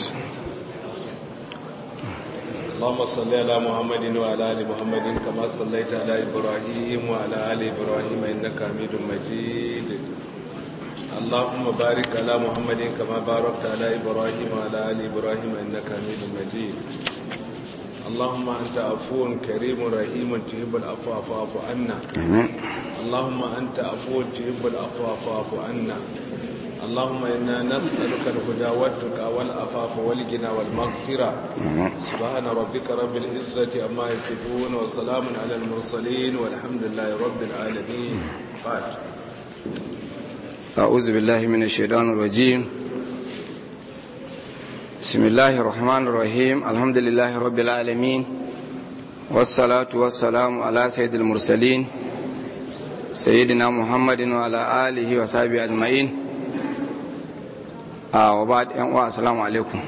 su Allahumma salli ala Muhammadin ala ali Muhammadin kama sallaita ala Ibrahim ala ali Ibrahim innaka Hamidum Majid Allahumma barik ala Muhammadin kama barakta ala Ibrahim ala ali Ibrahim innaka Hamidum Majid Allahumma anta afuwun karimun rahimun tuhibbul afwa afwa anna Allahumma anta afuwun tuhibbul afwa afwa anna اللهم إنا نسألك الهدى والتقى والعفاف والغنى والمغفرة سبحان ربك رب العزة عما يصفون وسلام على المرسلين والحمد لله رب العالمين قال أعوذ بالله من الشيطان الرجيم بسم الله الرحمن الرحيم الحمد لله رب العالمين والصلاة والسلام على سيد المرسلين سيدنا محمد وعلى آله وصحبه أجمعين a wa ba yan uwa assalamu alaikum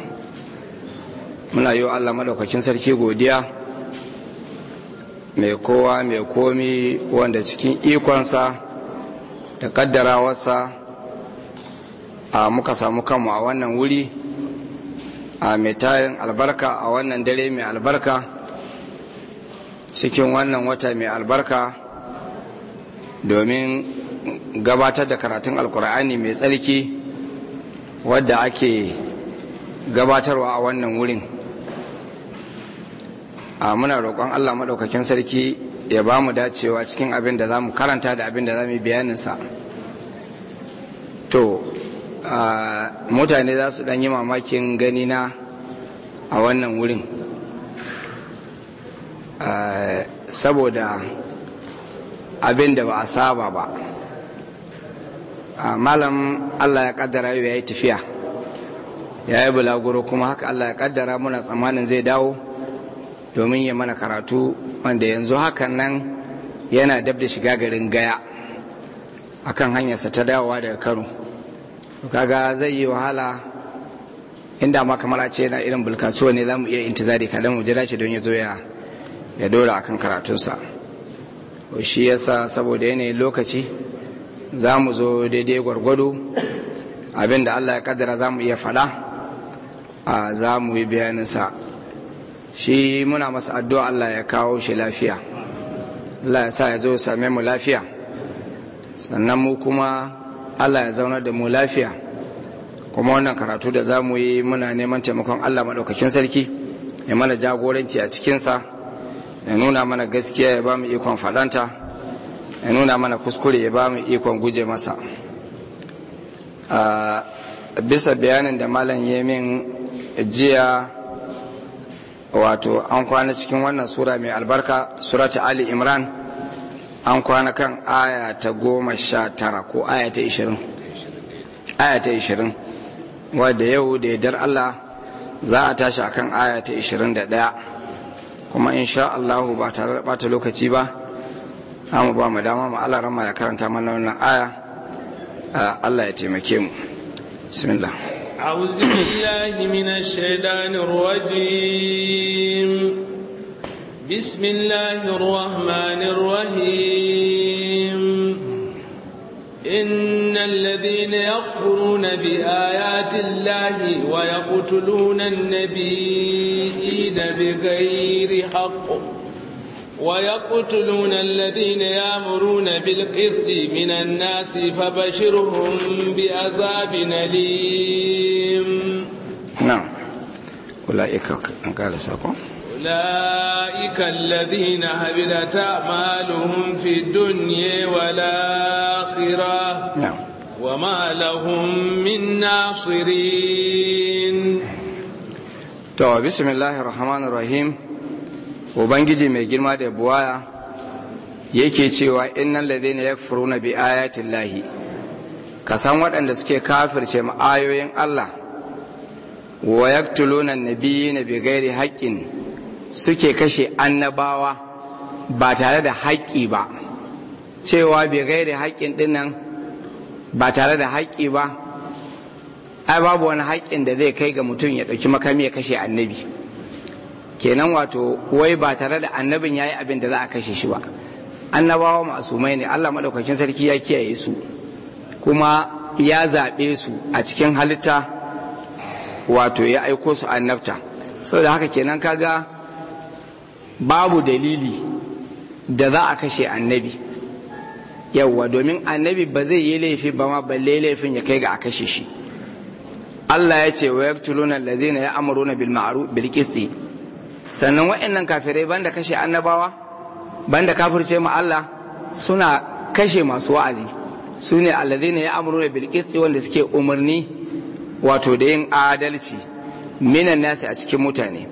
muna yi wa Allah madaukakin sarki godiya mai kowa mai komi wanda cikin ikonsa da kaddarawarsa a muka samu kanmu a wannan wuri a mai tayin albarka a wannan dare mai albarka cikin wannan wata mai albarka domin gabatar da karatun alkur'ani mai tsarki wadda ake gabatarwa a wannan wurin a muna roƙon allah maɗaukakin sarki ya ba mu dacewa cikin abin da za mu karanta da abin da za mu yi bayaninsa to mutane za su ɗan yi mamakin ganina a wannan wurin saboda abin da ba a saba ba Ah, malam Allah ya kaddara yau ya yi tafiya ya yi bulaguro kuma haka Allah ya kaddara muna tsammanin zai dawo domin ya mana karatu wanda yanzu hakan nan yana dab da shiga garin gaya akan hanyarsa ta dawowa daga kano kaga zai yi wahala inda ma kamar a ce yana irin bulkatuwa ne za mu iya intizari kadan mu jira shi don ya zo ya dora akan karatunsa shi yasa saboda yanayin lokaci za mu zo daidai gwargwado abinda Allah ya kaddara za mu iya faɗa a za mu yi bayaninsa shi muna masa addu'a Allah ya kawo shi lafiya Allah ya sa ya zo same mu lafiya sannan mu kuma Allah ya zauna da mu lafiya kuma wannan karatu da za mu yi muna neman taimakon Allah maɗaukakin sarki ya mana jagoranci a cikinsa ya nuna mana gaskiya ya ba mu ikon faɗanta ya nuna mana kuskure ya ba mu ikon guje masa bisa bayanin da malam min jiya wato an kwana cikin wannan sura mai albarka surati ali imran an kwana kan aya ta goma sha tara ko aya ta ishirin aya ta ishirin wadda yau da dar allah za a tashi akan aya ta ishirin da daya kuma insha allahu ba tare da bata lokaci ba mu ba mu dama mu Allah rama ya karanta mana wannan aya Allah ya taimake mu bismillah أعوذ بالله من الشيطان الرجيم بسم الله الرحمن الرحيم إن الذين يكفرون بآيات الله ويقتلون النبيين بغير حق ويقتلون الذين يامرون بالقسط من الناس فبشرهم بعذاب أليم نعم أولئك قال ساقو أولئك الذين هبلت أعمالهم في الدنيا والآخرة نعم وما لهم من ناصرين تو بسم الله الرحمن الرحيم ubangiji mai girma da buwaya yake cewa innan ya furu na bi ayati ka san waɗanda suke kafirce ma Allah wa ya yaktuluna na bi ghairi haƙƙin suke kashe annabawa ba tare da haƙƙi ba cewa bi ghairi haƙƙin dinnan ba tare da haƙƙi ba ai babu wani haƙƙin da zai kai ga mutum ya ɗauki makami ya kashe annabi kenan wato wai ba tare da annabin yayi abin da za a kashe shi ba annabawa masumai ne Allah madaukakin sarki ya kiyaye su kuma ya zaɓe su a cikin halitta wato ya aiko su annabta saboda haka kenan kaga babu dalili da za a kashe annabi yawwa domin annabi ba zai yi laifi ba ma balle laifin ya kai ga a kashe shi Allah ya ce wa yaktuluna allazina ya'muruna bil ma'ruf bil qisti sannan wa'annan kafirai banda kashe annabawa banda kafirce ma Allah suna kashe masu wa'azi su ne ne ya amuru da bilkisti wanda suke umarni wato da yin adalci minan nasi a cikin mutane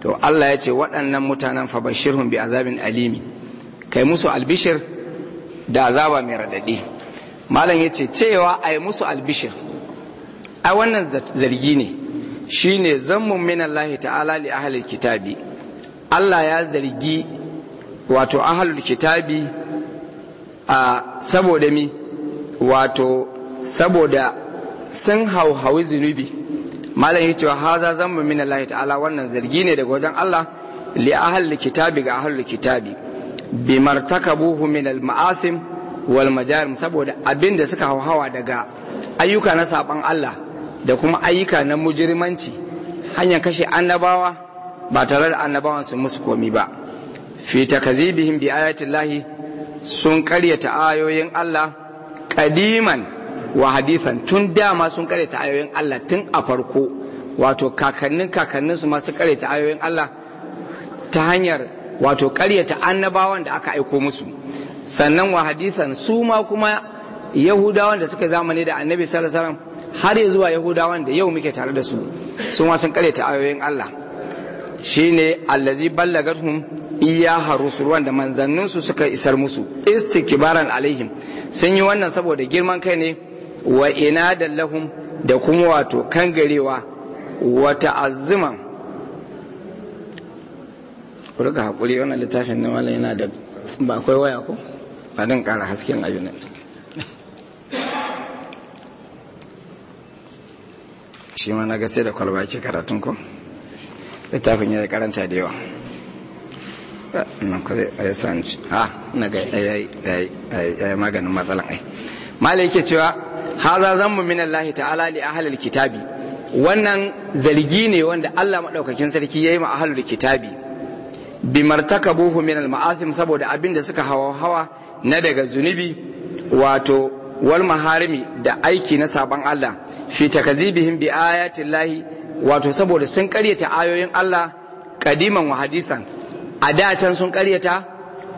to Allah ya ce waɗannan mutanen fa bashirhum bi azabin alimi kai musu albishir da azaba mai radadi malam ya ce cewa ai musu albishir ai wannan zargi ne shine zammun mummina Allah ta'ala li ahalil kitabi Allah ya zargi wato ahlul kitabi a saboda mi wato saboda sun hawi zunubi malam ya cewa haza zammun mummina Allah ta'ala wannan zargi ne daga wajen Allah li ahalil kitabi ga ahlul kitabi buhu min al ma'asim wal majarim saboda abin da suka hauhawa daga ayyuka na saban Allah da kuma ayyuka na mujirmanci hanyar kashe annabawa ba tare da annabawan su musu komi ba fi takazibihim bi ayatin lahi sun karyata ayoyin Allah kadiman wa hadithan tun dama sun karyata ayoyin Allah tun a farko wato kakannin kakannin su masu karyata ayoyin Allah ta hanyar wato karyata annabawan da aka aiko musu sannan wa hadithan su ma kuma yahudawan da suka zamani da annabi sallallahu alaihi wasallam har ya zuwa yahudawan da yau muke tare da su sun wasan kare ta ayoyin Allah shine allazi ballagathum iya harusul wanda manzannin su suka isar musu istikbaran alaihim sun yi wannan saboda girman kai ne wa inadan lahum da kuma wato kangarewa wa ta'azzuman ku rika hakuri wannan littafin na yana da ba akwai waya ko ba kara hasken abin nan shi ma na sai da kwalba ke karatun ko littafin ya karanta da yawa ah, a ah, maganin matsalan ai yake cewa haza min Allah ta'ala li kitabi wannan zargi ne wanda Allah madaukakin sarki yayi ma ahlul kitabi bi martakabuhu min al ma'asim saboda abin da suka hawa hawa na daga zunubi wato wal maharimi da aiki na sabon Allah fi takazibihim bi ayatin lahi wato saboda sun karyata ayoyin Allah kadiman wa hadisan a datan sun karyata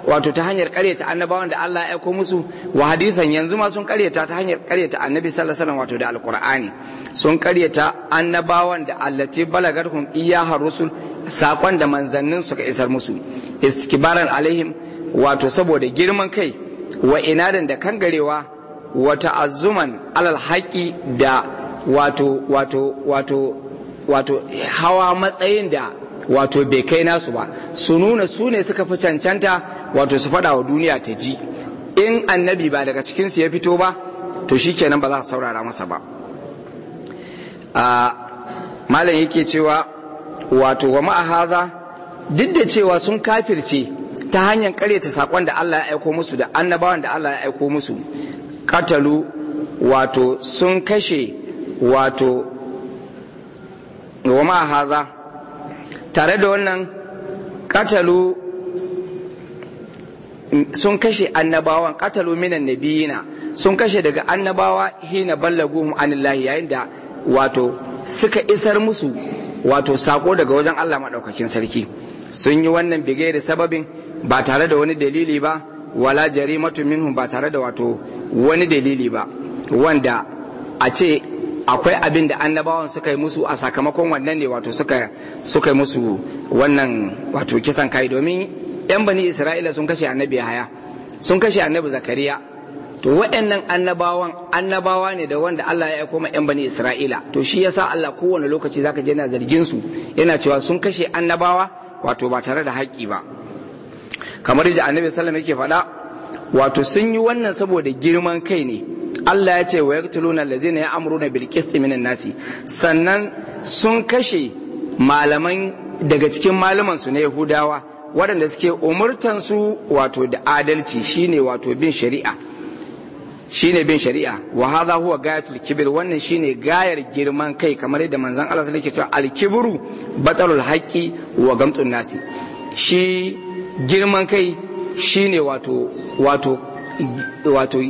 wato ta hanyar karyata annabawan da Allah ya aiko musu wa hadisan yanzu ma sun karyata ta hanyar karyata annabi sallallahu alaihi wasallam wato da alqur'ani sun karyata annabawan da Allah allati balagarhum iyyaha rusul sakon da manzannin suka isar musu istikbaran alaihim wato saboda girman kai wa inadan da kangarewa wata azuman alal haƙi da wato wato wato wato hawa matsayin da wato bai kai nasu ba su nuna su ne suka fi cancanta wato su faɗa wa duniya ta ji in annabi ba daga cikinsu ya fito ba to shi kenan ba za su saurara masa ba malam yake cewa wato wa ma'ahaza duk da cewa sun kafirce ta hanyar karyata saƙon da Allah ya aiko musu da annabawan da Allah ya aiko musu katalu wato sun kashe wato goma haza tare da wannan katalu sun kashe annabawan katalu minan nabiyina sun kashe daga annabawa hina ballaguhum anillahi yayin da wato suka isar musu wato sako daga wajen Allah maɗaukakin sarki sun yi wannan bigai da sababin ba tare da wani dalili ba wala jarimatu minhu ba tare da wato wani dalili ba wanda a ce akwai abin da annabawan suka yi musu a sakamakon wannan ne wato suka yi musu wannan wato kisan kai domin yan bani isra'ila sun kashe annabi haya sun kashe annabi zakariya to waɗannan annabawan annabawa ne da wanda Allah ya aiko ma yan bani isra'ila to shi yasa Allah kowane lokaci zaka je yana zargin su yana cewa sun kashe annabawa wato ba tare da haƙƙi ba kamar yadda annabi sallam yake faɗa wato sun yi wannan saboda girman kai ne Allah ya ce wa yaqtuluna allazina ya'muruna bil qist minan nasi sannan sun kashe malaman daga cikin malaman su na Yahudawa waɗanda suke umurtan su wato da adalci shine wato bin shari'a shine bin shari'a wa hadha huwa gayatul kibir wannan shine gayar girman kai kamar yadda manzon Allah sallallahu alaihi wasallam yake cewa al kibru batalul haqqi wa gamtun nasi shi girman kai shine wato wato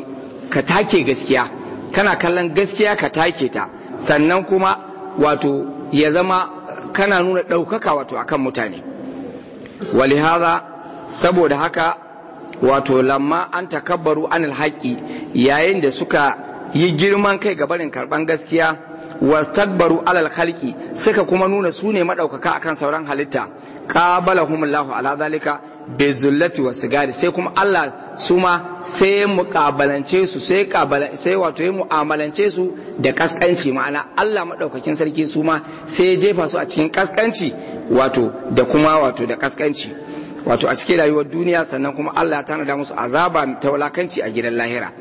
ka take gaskiya kana kallon gaskiya ka take ta sannan kuma wato ya zama kana nuna ɗaukaka wato akan mutane walihaza saboda haka wato lamma an takabbaru an haƙi yayin da suka yi girman kai ga barin karɓan gaskiya takbaru alal halki suka kuma nuna su ne maɗaukaka akan sauran halitta ƙabalahumullahu ala zalika bezulati wa sigari sai kuma Allah su ma sai muƙabalance su sai sai wato ya mu'amalance su da kaskanci ma'ana Allah maɗaukakin sarki su ma sai jefa su a cikin kaskanci wato da kuma wato da kaskanci wato a cikin rayuwar duniya sannan kuma Allah ta tanada musu azaba ta walakanci a gidan lahira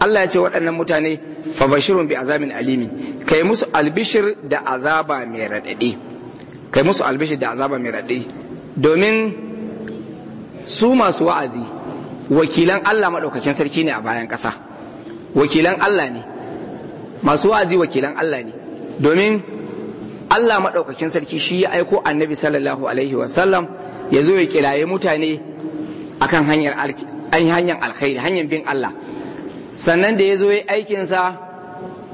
Allah ya ce waɗannan mutane fa bashirun bi azamin alimi kai musu albishir da azaba mai kai musu albishir da azaba mai raɗaɗi domin su masu wa'azi wakilan Allah maɗaukakin sarki ne a bayan ƙasa wakilan Allah ne masu wa'azi wakilan Allah ne domin Allah maɗaukakin sarki shi ya aiko annabi sallallahu alaihi wasallam ya zo ya kiraye mutane akan hanyar hanyar alkhairi hanyar bin Allah sannan da ya zo ya aikinsa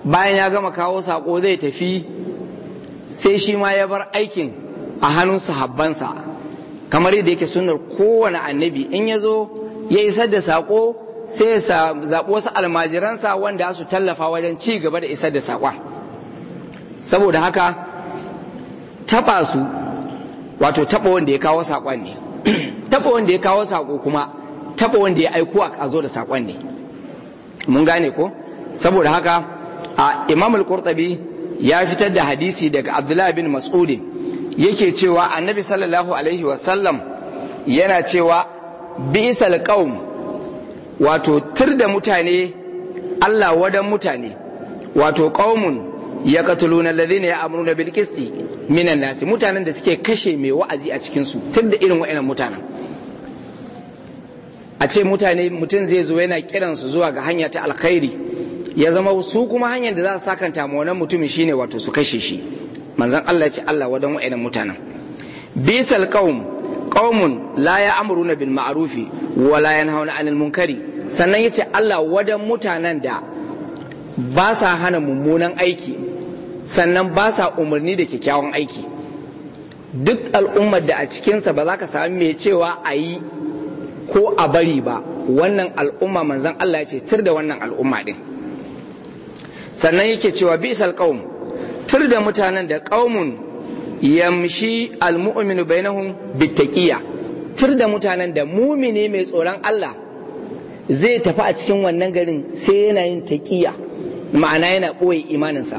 bayan ya gama kawo saƙo zai tafi sai shi ma ya bar aikin a hannun sahabbansa kamar yadda yake sunar kowane annabi in ya zo ya isar da saƙo sai ya zaɓi wasu almajiransa wanda su tallafa wajen ci gaba da isar da saƙo. saboda haka taɓa su wato taɓa wanda ya kawo saƙon ne taɓa wanda ya kawo saƙo kuma taɓa wanda ya aiko a zo da saƙon ne mun gane ko saboda haka a imam al qurtabi ya fitar da hadisi daga abdullah bin mas'udin yake cewa annabi sallallahu alaihi wasallam yana cewa bi'sal qaum wato tir da mutane Allah wadan mutane wato qaumun ya kataluna na ya amuru na bilkisti minan nasi mutanen da suke kashe mai wa'azi a cikinsu tun da irin wa'annan mutanen a ce mutane mutum zai zo yana kiransu zuwa ga hanya ta alkhairi ya zama su kuma hanyar da za su sakanta ma wannan mutumin shine wato su kashe shi manzan Allah ya ce Allah wadan wa'annan mutanen bisal qaum qaumun la ya'muruna bil ma'rufi wa la yanhauna 'anil munkari sannan yace Allah wadan mutanen da ba sa hana mummunan aiki sannan ba sa umarni da kyakkyawan aiki duk al'ummar da a cikinsa ba za ka sami mai cewa a yi ko a bari ba wannan al'umma manzan Allah ya ce tir da wannan al'umma din sannan yake cewa bisal qaum tur da mutanen da qaumun yamshi almu'minu bainahum bittaqiya tur da mutanen da mumini mai tsoron Allah zai tafi a cikin wannan garin sai yana yin taqiya ma'ana yana ɓoye imaninsa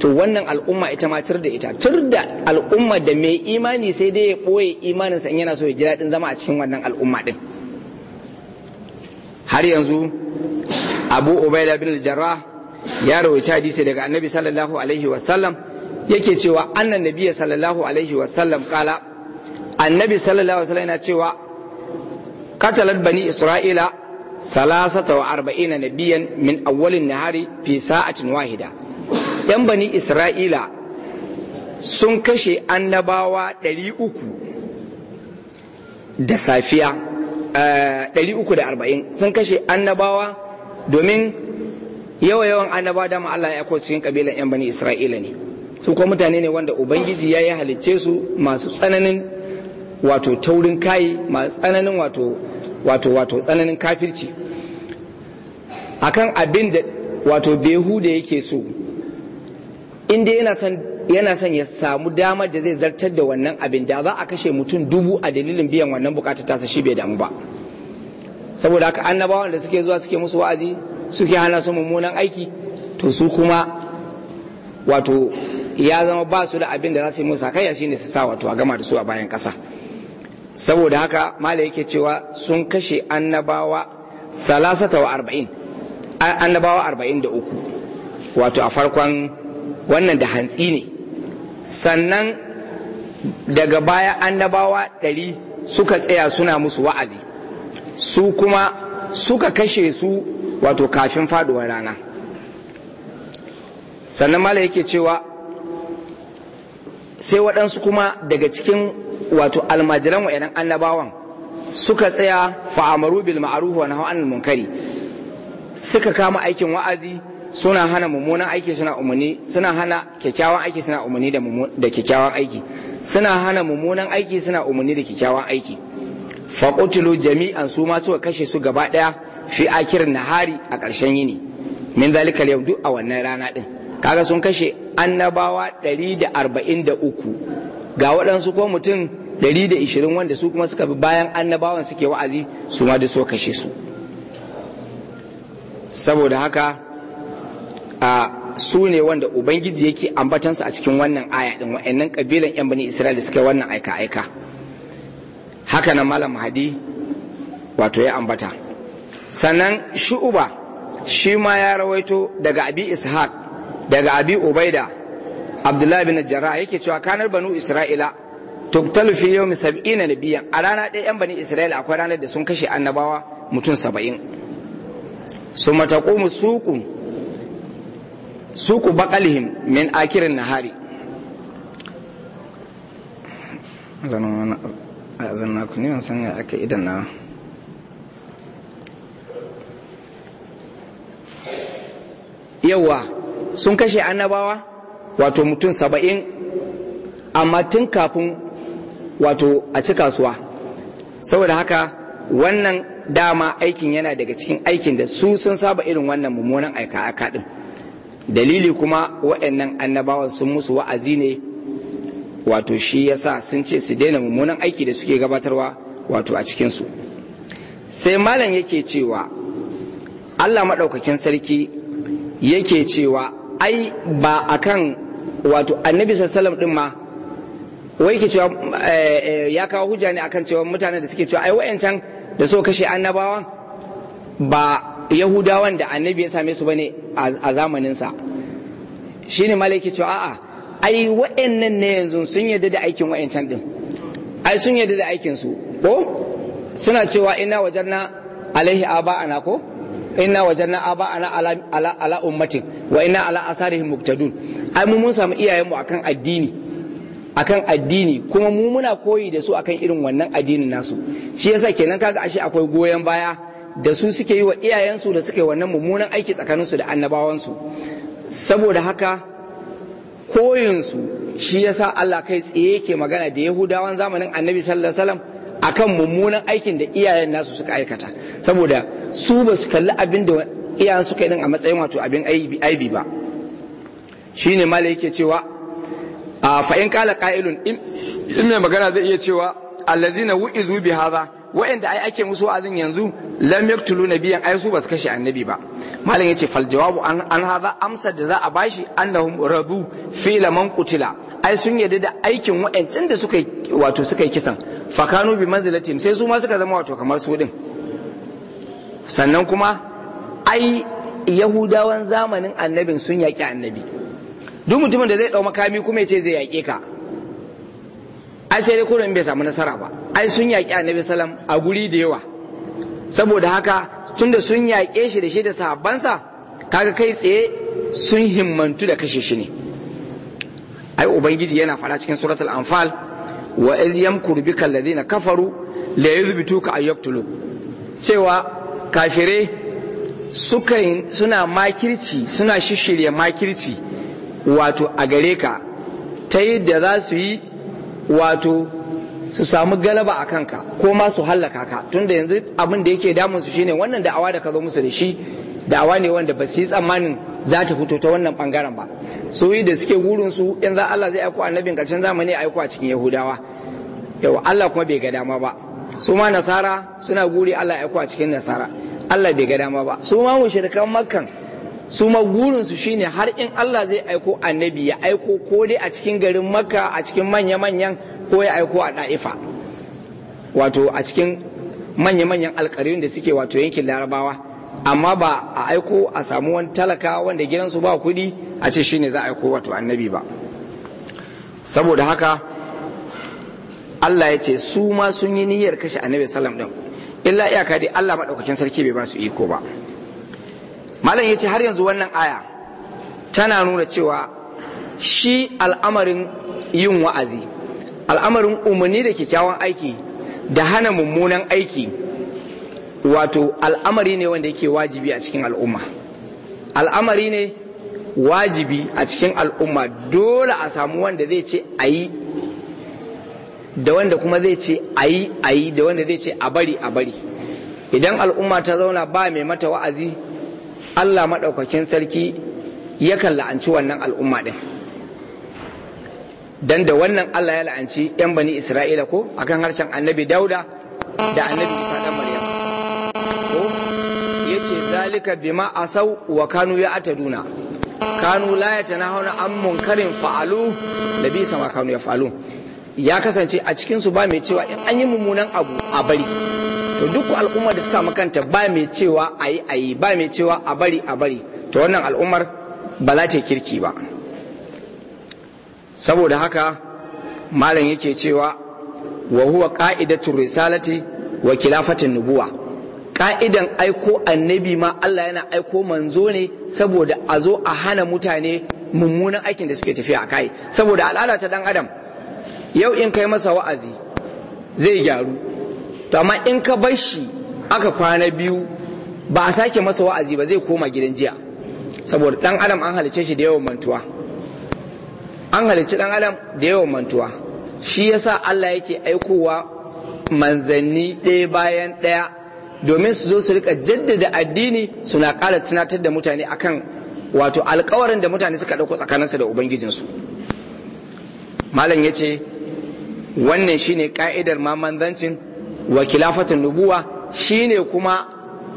to wannan al'umma ita ma tur da ita tur da al'umma da mai imani sai dai ya ɓoye imaninsa in yana so ya ji daɗin zama a cikin wannan al'umma din. har yanzu abu ubaida bin jarrah ya rawaita hadisi daga annabi sallallahu alaihi wasallam yake cewa annan nabi sallallahu alaihi wasallam kala annabi sallallahu alaihi wasallam yana cewa katalat bani isra'ila salasata wa arba'ina nabiyan min awwalin nahari fi sa'atin wahida yan bani isra'ila sun kashe annabawa ɗari uku da safiya eh, ɗari uku da arba'in sun kashe annabawa domin yawa yawan annaba dama Allah ya aiko cikin kabilan yan bani Isra'ila ne su kuma mutane ne wanda ubangiji ya yi halicce su masu tsananin wato taurin kai masu tsananin wato wato wato tsananin kafirci akan abin da wato behu da yake so inda yana son yana son ya samu damar da zai zartar da wannan abin da za a kashe mutum dubu a dalilin biyan wannan bukatar tasa shi bai damu ba saboda haka annabawan da suke zuwa suke musu wa'azi suke hana su mummunan aiki to su kuma wato ya zama ba su da abin da za su yi musa kai shine su sa wato a gama da su a bayan kasa saboda haka mala yake cewa sun kashe annabawa salasata wa arba'in annabawa arba'in da uku wato a farkon wannan da hantsi ne sannan daga baya annabawa ɗari suka tsaya suna musu wa'azi su kuma suka kashe su wato kafin faduwar rana sannan mala yake cewa sai waɗansu kuma daga cikin wato almajiran wa'yan annabawan suka tsaya fa'amaru bil ma'ruf wa nahaw anil munkari suka kama aikin wa'azi suna hana mummunan aiki suna umuni suna hana kyakkyawan aiki suna umuni da kyakkyawan aiki suna hana mummunan aiki suna umuni da kyakkyawan aiki faƙutulu jami'an su ma suka kashe su gaba ɗaya fi akirin nahari a ƙarshen yini min zalikal yau duk a wannan rana ɗin kaga sun kashe annabawa ɗari da da arba'in uku ga waɗansu ko mutum ɗari da ishirin wanda su kuma suka bi bayan annabawan suke wa'azi su ma duk so kashe su saboda haka a su ne wanda ubangiji yake ambatansu a cikin wannan aya ɗin wa'annan ƙabilan 'yan bani isra'ila suka wannan aika-aika haka na malam hadi wato ya ambata sannan shu'uba shi ma ya rawaito daga abi ishaq daga abi ubaida abdullahi bin jara yake cewa kanar banu isra'ila tuktalu fi yawmi sab'ina nabiyan a rana ɗaya yan bani isra'ila akwai ranar da sun kashe annabawa mutum saba'in su mataqumu suqu suqu baqalihim min akirin nahari a zanna ku neman wani sanya aka idan na yawa sun kashe annabawa wato mutum saba'in amma tun kafin wato a ci kasuwa saboda haka wannan dama aikin yana daga cikin aikin da su sun saba irin wannan mummunan aika a kaɗin, dalili kuma waɗannan annabawan sun musu wa'azi ne wato shi yasa sun ce su daina mummunan aiki da suke gabatarwa wato a cikinsu sai malam yake cewa allah maɗaukakin sarki yake cewa ai ba a kan wato annabi sassalam ɗin ma wai ke cewa eh, eh, ya kawo hujja ne akan cewa mutane da suke cewa ai wayancan da so kashe annabawan ba yahudawan da annabi ya same su ba ne a zamaninsa shi ne malai ke cewa a'a ai wa'annan na yanzu sun yarda da aikin wa'ancan din ai sun yarda da aikin su ko suna cewa ina wajarna alaihi aba'ana ko inna wajanna aba'ana ala ala, ala ummatin wa ina ala asarihim muqtadun ai mu mun samu iyayenmu akan addini akan addini kuma mu muna koyi da su akan irin wannan addinin nasu shi yasa kenan kaga ashe akwai goyon baya da su suke yi wa iyayensu da suke wannan mummunan aiki tsakaninsu da annabawansu saboda haka koyinsu shi yasa Allah kai tsaye yake magana da Yahudawan zamanin Annabi sallallahu alaihi wasallam akan mummunan aikin da iyayen nasu suka aikata saboda su ba su kalli abin da iyayen suka yi a matsayin wato abin aibi ba shine mala yake cewa a fa in kala qa'ilun in mai magana zai iya cewa allazina wu'izu bi haza. wa'anda ai ake musu wa'azin yanzu lam yaktulu nabiyan ai su basu kashe annabi ba malam yace fal jawabu an an hada amsar da za a bashi annahum radu fi man qutila ai sun yarda da aikin wa'ancin da suka wato suka yi kisan fakanu bi manzilatim sai su ma suka zama wato kamar su din sannan kuma ai yahudawan zamanin annabin sun yaƙi annabi duk mutumin da zai ɗau makami kuma ya ce zai yaƙe ka ai sai dai kurin bai samu nasara ba ai sun yaƙi annabi salam a guri da yawa saboda haka tunda sun yaƙe shi da shi da sahabbansa kaga kai tsaye sun himmantu da kashe shi ne ai ubangiji yana faɗa cikin suratul anfal wa iz yamkuru bika alladhina kafaru la yuthbituka ay yaqtulu cewa kafire suka suna makirci suna shishirya makirci wato a gare ka ta da za su yi wato su samu galaba a kanka ko ma su hallaka ka tunda yanzu abin da yake damun su shine wannan da'awa da ka zo musu da shi da'awa ne wanda ba su yi tsammanin za ta fito ta wannan bangaren ba su yi da suke gurin su in za Allah zai aiko annabin karshen zamani aiko a cikin Yahudawa yau Allah kuma bai ga dama ba su ma nasara suna guri Allah aiko a cikin nasara Allah bai ga dama ba su ma mushrikan makkan su magurinsu gurinsu shine har in Allah zai aiko annabi ya aiko ko dai a cikin garin makka a cikin manya-manyan ko ya aiko a ɗa'ifa wato a cikin manya-manyan alkarin da suke wato yankin larabawa amma ba a aiko a samu wani talaka wanda gidansu ba kuɗi a ce shi ne za a aiko wato annabi ba saboda haka Allah ya ce su ma sun yi niyyar kashe annabi salam ɗin. illa iyaka dai Allah maɗaukakin sarki bai ba su iko ba malam ya ce har yanzu wannan aya tana nuna cewa shi al'amarin yin wa'azi al'amarin umarni da kyakkyawan aiki da hana mummunan aiki wato al'amari ne wanda yake wajibi a cikin al'umma al'amari ne wajibi a cikin al'umma dole a samu wanda zai ce a yi da wanda kuma zai ce a yi a yi da wanda zai ce a bari a bari idan al'umma ta zauna ba mai mata wa'azi Allah maɗaukakin sarki yakan la'anci wannan al'umma ɗin don da wannan Allah ya la'anci 'yan bani Isra'ila ko a kan harshen annabi Dauda da annabi Isa ɗan Maryam ko ya ce zalika bima asau wa kanu ya ata duna kanu la yatanahuna an munkarin fa'alu da bi sama kanu ya fa'alu ya kasance a cikin su ba mai cewa in an yi mummunan abu a bari to duk al'ummar da ta samu kanta ba mai cewa a yi a yi ba mai cewa a bari a bari to wannan al'ummar ba za ta kirki ba saboda haka malam yake cewa wa huwa qa'idatu risalati wa kilafati nubuwa ka'idan aiko annabi ma Allah yana aiko manzo ne saboda a zo a hana mutane mummunan aikin da suke tafiya a kai saboda al'ada ta dan adam yau in kai masa wa'azi zai gyaru to amma in ka bar shi aka kwana biyu ba a sake masa wa'azi ba zai koma gidan jiya saboda dan adam an halice shi da yawan mantuwa an halici dan adam da yawan mantuwa shi yasa Allah yake aikowa manzanni ɗaya bayan ɗaya domin su zo su rika jaddada addini suna ƙara tunatar da mutane akan wato alkawarin da mutane suka ɗauko tsakaninsu da ubangijinsu malam ya ce wannan shine ka'idar ma manzancin wa kilafatun nubuwa shine kuma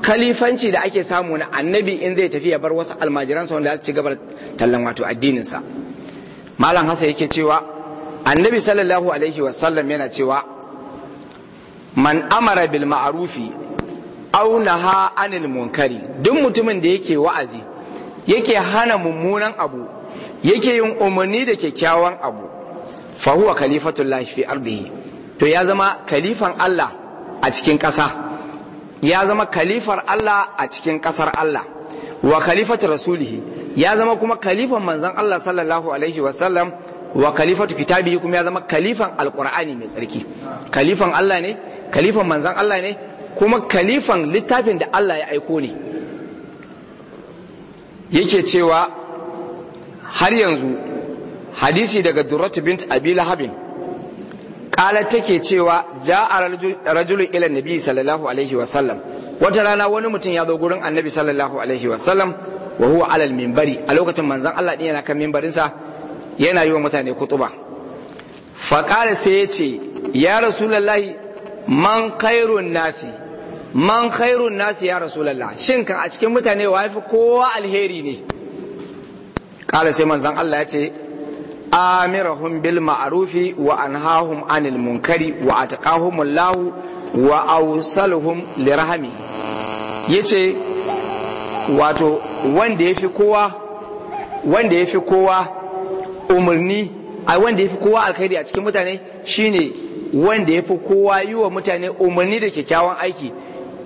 kalifanci da ake samu na annabi in zai tafi ya bar wasu almajiransa wanda za su ci gaba tallan wato addininsa malam hasa yake cewa annabi sallallahu alaihi wasallam yana cewa man amara bil ma'arufi aw naha anil munkari duk mutumin da yake wa'azi yake hana mummunan abu yake yin umarni da kyakkyawan abu fahuwa huwa khalifatullahi fi ardihi to ya zama kalifan Allah a cikin ƙasa ya zama kalifar Allah a cikin ƙasar Allah wa khalifatu rasulihi ya zama kuma kalifan manzon Allah sallallahu alaihi wasallam wa kalifatu kitabihi kuma ya zama kalifan alqur'ani mai tsarki kalifan Allah ne kalifan manzon Allah ne kuma kalifan littafin da Allah ya aiko ne yake cewa har yanzu hadisi daga durratu bint Abi Lahabin kala take cewa ja'a rajulun ila nabi sallallahu alaihi wa sallam wata rana wani mutum ya zo gurin annabi sallallahu alaihi wa sallam wa huwa ala minbari a lokacin manzon Allah din yana kan minbarinsa yana yi wa mutane kutuba fa kala sai ya ce ya rasulullahi man khairun nasi man khairun nasi ya rasulullah shin kan a cikin mutane wa kowa alheri ne kala sai manzon Allah ya ce amirahum bil ma'rufi wa anhahum anil munkari wa ataqahum wa awsaluhum li yace wato wanda yafi kowa wanda yafi kowa umarni ai wanda yafi kowa alkhairi a cikin mutane shine wanda yafi kowa yiwa mutane umarni da kyakkyawan aiki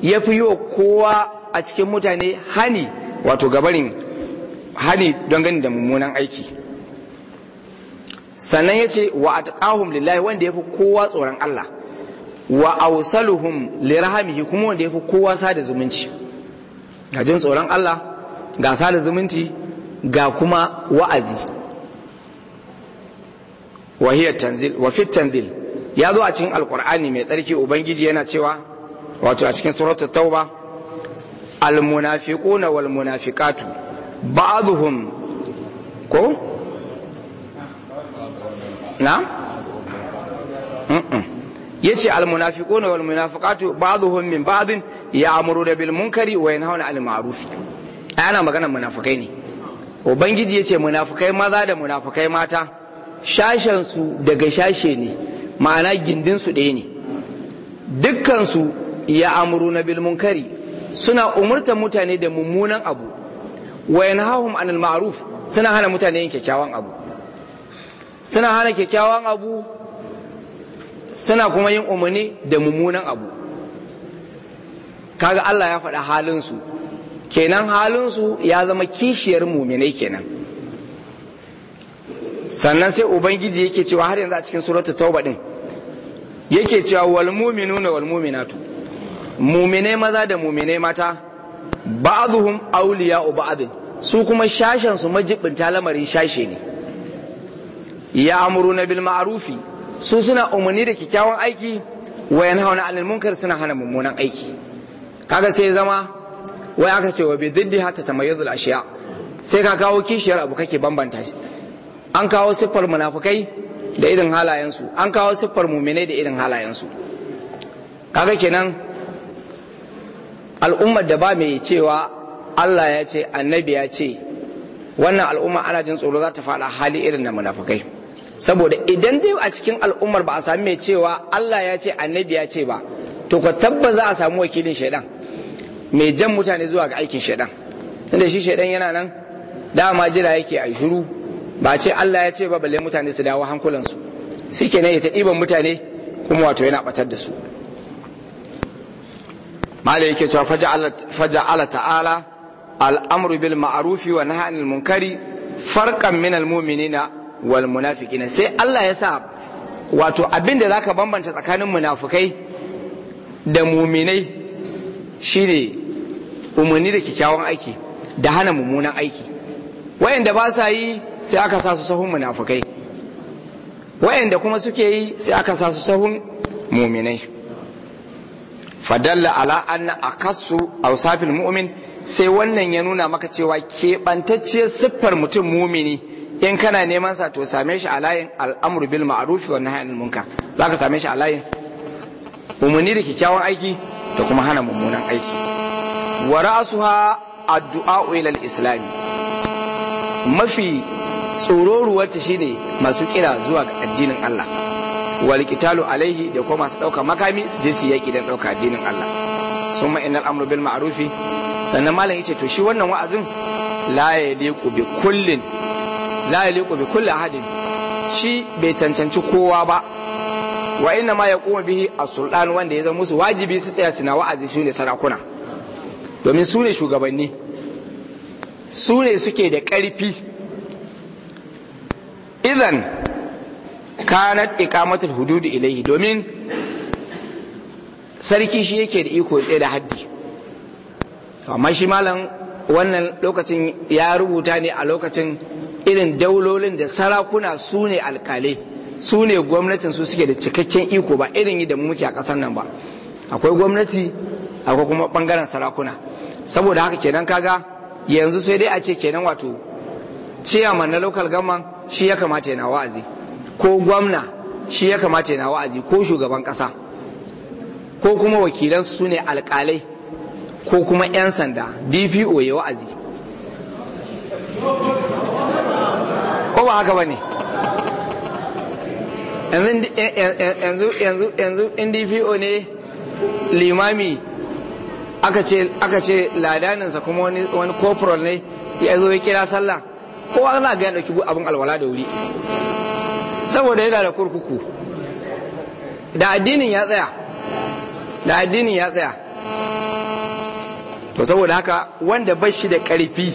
yafi yiwa wa kowa a cikin mutane hani wato gabarin hani don gani da mummunan aiki sannan ya ce wa taƙahun lillahi wanda ya fi kowa tsoron Allah wa awsaluhum lirahamihi kuma wanda ya fi kowa sada zumunci ga jin tsoron Allah ga sada zumunci ga kuma wa'azi wa hiya tanzil wa tanzil ya zo a cikin alqur'ani mai tsarki ubangiji yana cewa wato a cikin suratul tauba al munafiquna wal munafiqatu ba'dhum ko na yace almunafiquna wal munafiqatu ba'dhum min ba'd ya'muruna bil munkari wa yanhauna 'anil ma'ruf ana magana munafikai ne ubangiji yace munafikai maza da munafikai mata shashen su daga shashe ne ma'ana gindin su ɗaya ne dukkan su ya'muruna bil munkari suna umurtar mutane da mummunan abu wa yanhahum 'anil ma'ruf suna hana mutane yin kyakkyawan abu suna hana kyakkyawan abu suna kuma yin umarni da mummunan abu kaga Allah ya faɗa halinsu kenan halinsu ya zama kishiyar muminai kenan sannan sai ubangiji yake cewa har yanzu a cikin suratul tauba din yake cewa wal mu'minuna wal mu'minatu muminai maza da muminai mata ba'dhum awliya'u ba'd su kuma shashan su majibinta lamarin shashe ne ya amuru na bil ma'arufi su suna umarni da kyakkyawan aiki wa yanhauna 'anil munkar suna hana mummunan aiki kaga sai zama wai aka ce wa bi diddi hatta tamayyuzul ashiya sai ka kawo kishiyar abu kake bambanta shi an kawo siffar munafukai da irin halayensu an kawo siffar muminai da irin halayensu kaga kenan al'ummar da ba mai cewa Allah ya ce annabi ya ce wannan al'umma ana jin tsoro za ta faɗa hali irin na munafukai saboda idan dai a cikin al'ummar ba a sami mai cewa Allah ya ce annabi ya ce ba to ka tabba za a samu wakilin shaidan mai jan mutane zuwa ga aikin shaidan tunda shi shaidan yana nan dama jira yake a shiru ba ce Allah ya ce ba balle mutane su dawo hankulansu su ke ne ta ɗiban mutane kuma wato yana batar da su malai yake cewa Allah ta'ala al'amru bil ma'arufi wa munkari farkan min al mu'minina wal munafiqina sai Allah ya sa wato abin da zaka bambanta tsakanin munafukai da muminai shine umarni da kyakkyawan aiki da hana mummunan aiki wayanda ba sa yi sai aka sa su sahun munafukai wayanda kuma suke yi sai aka sa su sahun muminai fadalla ala anna akassu awsafil mu'min sai wannan ya nuna maka cewa keɓantacciyar siffar mutum mumini in kana neman sa to same shi a layin al'amur bil ma'ruf wa nahyi anil munkar zaka same shi a layin umuni da kyakkyawan aiki da kuma hana mummunan aiki wa ra'asuha addu'a ila al-islam mafi tsororuwar ta shine masu kira zuwa ga addinin Allah wal qitalu alaihi da kuma masu dauka makami su je su yaki dan dauka addinin Allah summa innal amru bil ma'rufi sannan malam yace to shi wannan wa'azin la yaliqu bi kullin la yaliqu bi kulli ahadin shi bai cancanci kowa ba wa inna ma yaqumu bihi as-sultan wanda ya zama musu wajibi su tsaya suna wa'azi su ne sarakuna domin su ne shugabanni su ne suke da ƙarfi idan kanat iqamatul hudud ilayhi domin sarki shi yake da iko da haddi amma shi malam wannan lokacin ya rubuta ne a lokacin irin daulolin da sarakuna su ne alkalai su ne gwamnatin su suke da cikakken iko ba irin yi da muke a ƙasar nan ba akwai gwamnati akwai kuma ɓangaren sarakuna saboda haka kenan kaga yanzu sai dai a ce kenan wato ciyaman na local gama shi ya kamata yana wa'azi ko gwamna shi ya kamata yana wa'azi ko shugaban ƙasa ko kuma wakilansu su ne alkalai ko kuma 'yan sanda dpo ya wa'azi ko ba haka ba ne yanzu in dpo ne limami aka ce ladaninsa kuma wani corporal ne ya zo ya kira sallah ko na ga ya ɗauki abin alwala da wuri saboda yana da kurkuku da addinin ya tsaya da addinin ya tsaya to saboda haka wanda ba shi da ƙarfi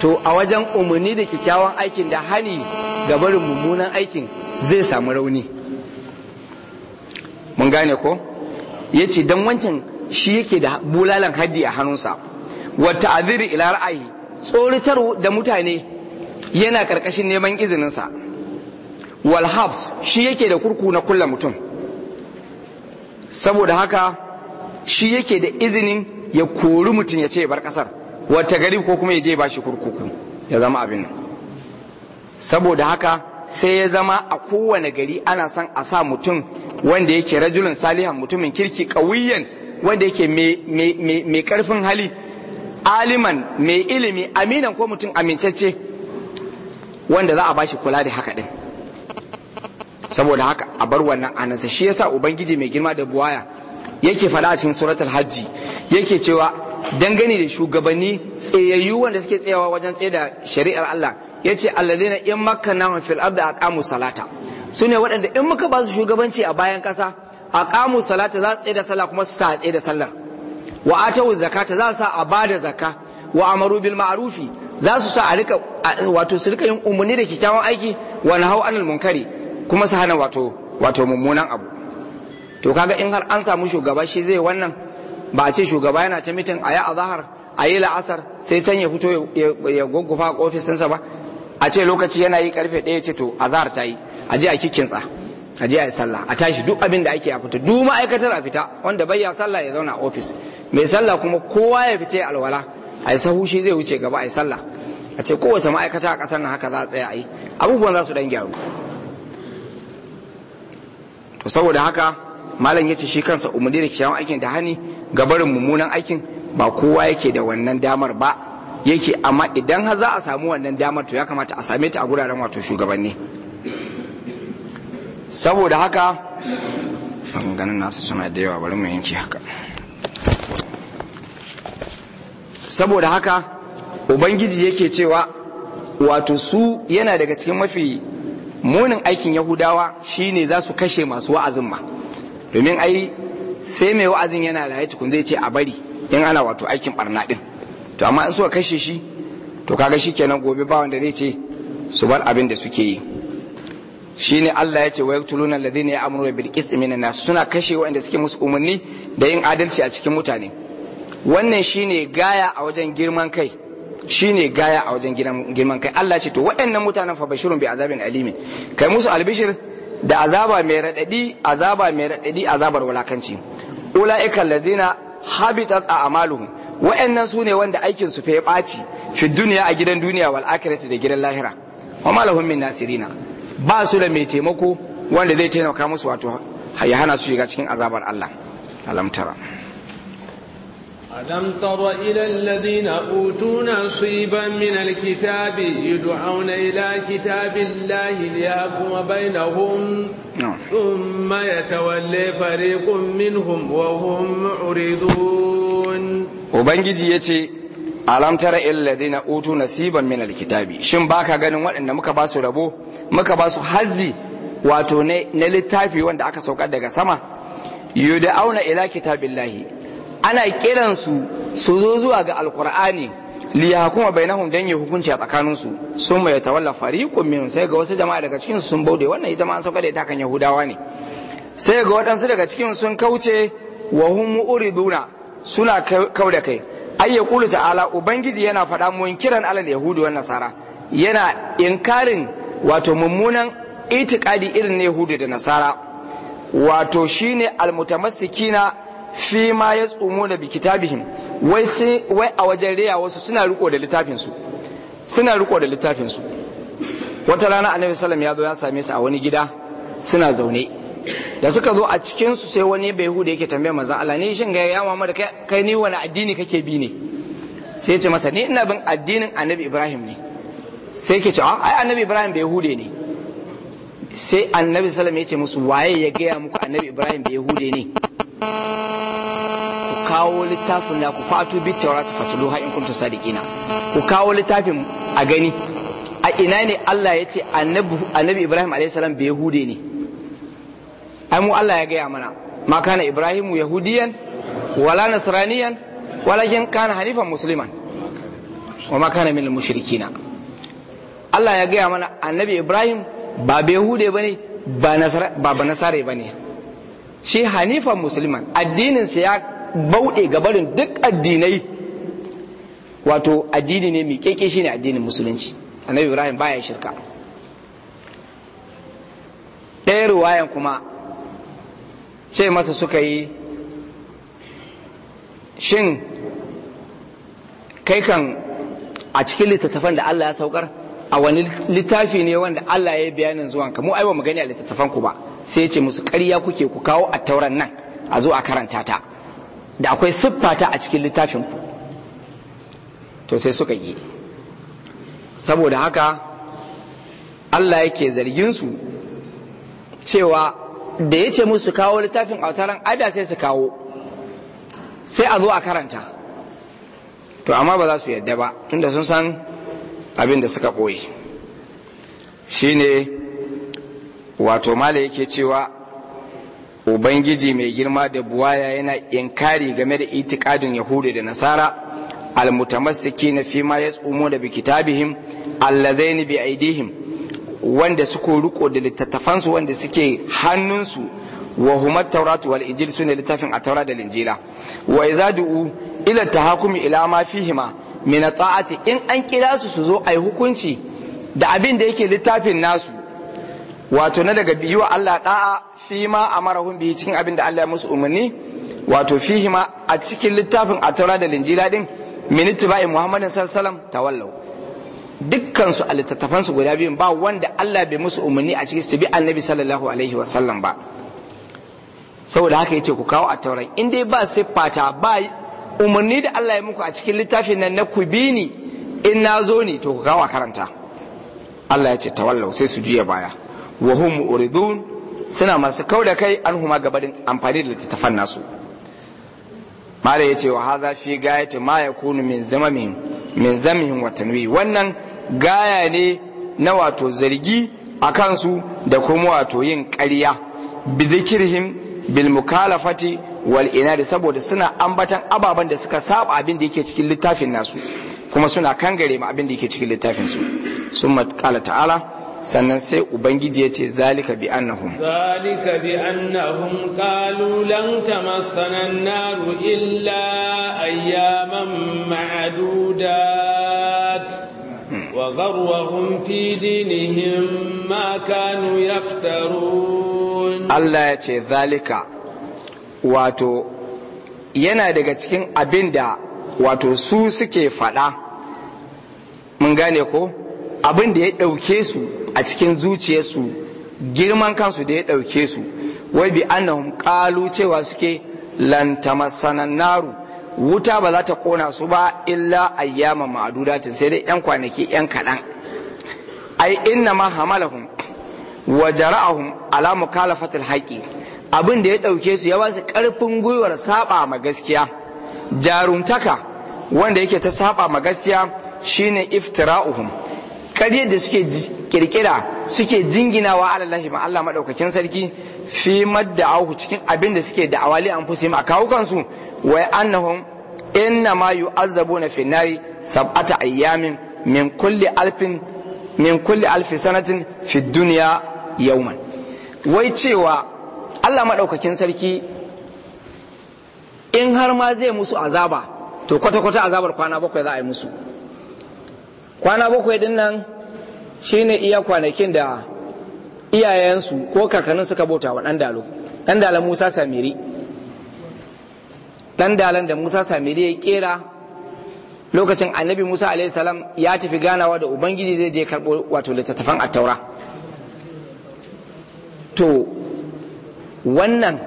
to a wajen umarni da kyakkyawan aikin da hani ga barin mummunan aikin zai samu rauni mun gane ko ya ce don wancan shi yake da bulalan haddi a hannunsa wata aziri ila ra'ayi tsoritar da mutane yana karkashin neman izininsa walhabs shi yake da kurku na kulla mutum saboda haka shi yake da izinin ya kori mutum ya ce bar kasar wata gari ko kuma ya je ba shi kurkuku ya zama abin saboda haka sai ya zama a kowane gari ana san a sa mutum wanda yake rajulun salihan mutumin kirki kawiyan wanda yake mai karfin hali aliman mai ilimi aminan ko mutum amincacce wanda za a ba shi kula da haka din. saboda haka a bar wannan anansa shi yasa ubangiji mai girma da buwaya yake faɗa a cikin suratul hajji yake cewa dangane da shugabanni tsayayyu wanda suke tsayawa wajen tsaye da shari'ar Allah yace alladheena in makkanahum fil ardi aqamu salata sune waɗanda in muka ba su shugabanci a bayan ƙasa aqamu salata za su tsaye da sallah kuma su sa tsaye da sallah wa atawu zakata za su sa a bada zakka wa amaru bil ma'rufi za su sa a rika wato su rika yin umarni da kyakkyawan aiki wa nahau anil munkari kuma su hana wato wato mummunan abu to kaga in har an samu shugaba shi zai wannan ba a ce shugaba yana ta mitin a yi azahar a yi la'asar sai can ya fito ya guggufa a ofisinsa ba a ce lokaci yana yi karfe ɗaya ce to azahar ta yi a je a tsa a je a yi sallah a tashi duk abin da ake a fita duk ma'aikatar a fita wanda bai ya sallah ya zauna a ofis mai sallah kuma kowa ya fita ya alwala a yi sahu shi zai wuce gaba a yi sallah a ce kowace ma'aikata a ƙasar nan haka za a tsaya a yi abubuwan za su dan gyaru to saboda haka malam ya ce shi kansa umarni da kyawun aikin da hani ga barin mummunan aikin ba kowa yake da wannan damar ba yake amma idan har za a samu wannan damar to ya kamata a same ta a guraren wato shugabanni saboda haka ganin nasu suna da yawa bari mu yanke haka saboda haka ubangiji yake cewa wato su yana daga cikin mafi munin aikin yahudawa shine za su kashe masu wa'azin ma domin ai sai mai wa'azin yana raye tukun zai ce a bari in ana wato aikin barna din to amma in suka kashe shi to kaga shi kenan gobe ba wanda zai ce su bar abin da suke yi shine Allah ya ce wa yaqtuluna alladhina ya'muru bil qisti minan nas suna kashe wanda suke musu umarni da yin adalci a cikin mutane wannan shine gaya a wajen girman kai shine gaya a wajen girman kai Allah ce to waɗannan mutanen fa bashirun bi azabin alimin kai musu albishir da azaba mai raɗaɗi azaba mai raɗaɗi azabar wulakanci ula'ika lazina habitat a amaluhum wa'annan su ne wanda aikin su fa ya ɓaci fi duniya a gidan duniya wal akhirati da gidan lahira wa ma min nasirina ba su da mai taimako wanda zai taimaka musu wato ya hana su shiga cikin azabar Allah alam ألم تر إلى الذين أوتوا نصيبا من الكتاب يدعون إلى كتاب الله ليحكم بينهم ثم يتولي فريق منهم وهم معرضون وبنجي يتي alam tara alladhina utu nasiban min alkitabi shin baka ganin waɗanda muka ba su rabo muka ba su hazzi wato littafi wanda aka saukar daga sama yud'auna ila kitabillahi ana kiransu su zo zuwa ga alkur'ani li bai bainahum dan ya hukunci a tsakanin su sun mai tawalla fariqun min sai ga wasu jama'a daga cikin sun bauɗe wannan ita ma an sauka da ita kan yahudawa ne sai ga waɗansu daga cikin sun kauce wa hum uriduna suna kau da kai ay yaqulu ta'ala ubangiji yana faɗa kiran alal yahudi wannan nasara yana inkarin wato mummunan itikadi irin na yahudi da nasara wato shine almutamassikina fi ma ya tsumo da bikitabihim wai wai a wajen riya wasu suna riko da littafin su suna riko da littafin su wata rana annabi Salam ya zo ya same su a wani gida suna zaune da suka zo a cikin su sai wani bai hude yake tambayar manzon Allah ne shin ga ya Muhammad kai ni wani addini kake bi ne sai ya ce masa ni ina bin addinin annabi Ibrahim ne sai ke ce ah, ai annabi Ibrahim bai hude ne sai annabi Salam ya ce musu waye ya gaya muku annabi Ibrahim bai hude ne ku kawo littafin na ku fatu bi ta fatulu ha in kuntum sadiqina ku kawo littafin a gani a ina ne Allah ya ce annabi Ibrahim alayhi salam bai yahude ne ai mu Allah ya gaya mana ma kana Ibrahim yahudiyan wala nasraniyan walakin kana hanifan musliman wa ma kana minal mushrikina Allah ya gaya mana annabi Ibrahim ba bai yahude bane ba ba nasare bane shi hanifan musulman addininsa ya bauɗe gabarin duk addinai wato addini ne mai keke shi ne addinin musulunci annabi ibrahim baya shirka ɗaya ruwayan kuma ce masa suka yi shin kai kan a cikin littattafan da allah ya saukar a wani littafi ne wanda Allah ya yi bayanin zuwanka mu aiwa magani a littattafan ku ba sai ya ce musu ƙarya kuke ku kawo a tauran nan a zo a karanta ta da akwai siffata a cikin littafin ku to sai suka yi saboda haka Allah yake zargin su cewa da ya ce musu kawo littafin a autaran ada sai su kawo sai a zo a karanta to amma ba za su yarda ba tunda sun san abin da suka ɓoye Shi ne wato mala yake cewa ubangiji mai girma da buwaya yana inkari game da itikadin yahudu da nasara almutamassiki na fi ma ya tsumo da bikitabihim allazaini bi aidihim wanda suko riko da littattafansu wanda suke hannunsu wa huma tauratu wal injil sune littafin a taura da linjila wa iza du'u ila tahakumi ila ma fihima min ta'ati in an kira su su zo ai hukunci da abin da yake littafin nasu wato na daga biyu Allah da'a fi ma amarahum bi cikin abin da Allah ya musu umarni wato fihi ma a cikin littafin a taura da linjila din min ittiba'i muhammadin sallallahu alaihi wasallam tawallau dukkan su a su guda biyu ba wanda Allah bai musu umarni a cikin su bi annabi sallallahu alaihi wasallam ba saboda haka yace ku kawo a tauran in dai ba fata ba umarni da Allah ya muku a cikin littafin nan na ku bi ni in na zo ni to ku kawo karanta Allah ya ce tawallau sai su juya baya wa hum uridun suna masu kau da kai an huma gabarin amfani da littafan nasu mala ya ce wa haza fi gayati ma yakunu min zamamin min zamihin wa wannan gaya ne na wato zargi a kansu da kuma wato yin ƙarya bi zikirhim bil mukalafati wal inadi saboda suna ambatan ababen da suka saba abin da yake cikin littafin nasu kuma suna kangare ma abin da yake cikin littafin su sun kala ta'ala sannan sai ubangiji ya ce zalika bi annahum zalika bi annahum qalu lan tamassana naru illa ayyaman ma'dudat وغرهم fi dinihim ma kanu yaftaru. Allah ya ce zalika wato yana daga cikin abin da wato su suke faɗa mun gane ko abin da ya ɗauke su a cikin zuciyarsu girman kansu da ya ɗauke su wai bi annahum ƙalu cewa suke lantamassanan naru wuta ba za ta kona su ba illa ayyama ma'adudatin sai dai yan kwanaki yan kaɗan ai inna ma hamalahum wa jara'ahum ala mukalafatil haƙi abin da ya ɗauke su ya ba su ƙarfin gwiwar saba ma gaskiya jarumtaka wanda yake ta saba ma gaskiya shine iftira'uhum ƙaryar da suke kirkira suke jinginawa alallahi ma Allah madaukakin sarki fi madda'ahu cikin abin da suke da'awali an fusi a kawo kansu wa annahum inna ma yu'azzabuna fi nari sab'ata ayyamin min kulli alfin min kulli alfi sanatin fi yauman wai cewa Allah maɗaukakin sarki in har ma zai musu azaba to kwata-kwata azabar kwana bakwai za a yi musu kwana bakwai din nan shine iya kwanakin da iyayensu ko kakannin suka bauta wa ɗan dalo musa samiri ɗan dalan da musa samiri ya kera lokacin annabi musa alaihi ya tafi ganawa da ubangiji zai je karɓo wato littattafan attaura to wannan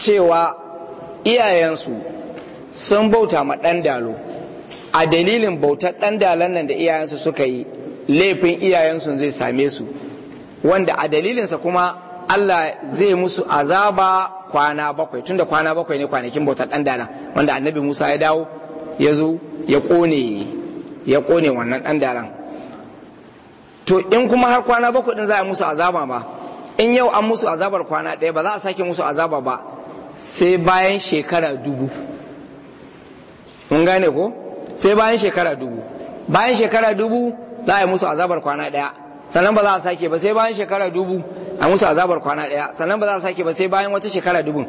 cewa iyayensu sun bauta ma ɗan a dalilin bautar ɗan nan da iyayensu suka yi laifin iyayensu zai same su wanda a dalilinsa kuma Allah zai musu azaba kwana bakwai tunda kwana bakwai ne kwanakin bautar ɗan wanda annabi Musa ya dawo ya zo ya ƙone wannan ɗan to in kuma har kwana bakwai din za a musu azaba ba, in yau an musu azabar kwana ɗaya ba za a sake musu azaba ba sai bayan shekara dubu mun gane ko sai bayan shekara dubu bayan shekara dubu za a yi musu azabar kwana ɗaya sannan ba za a sake ba sai bayan shekara dubu a musu azabar kwana ɗaya sannan ba za a sake ba sai bayan wata shekara dubu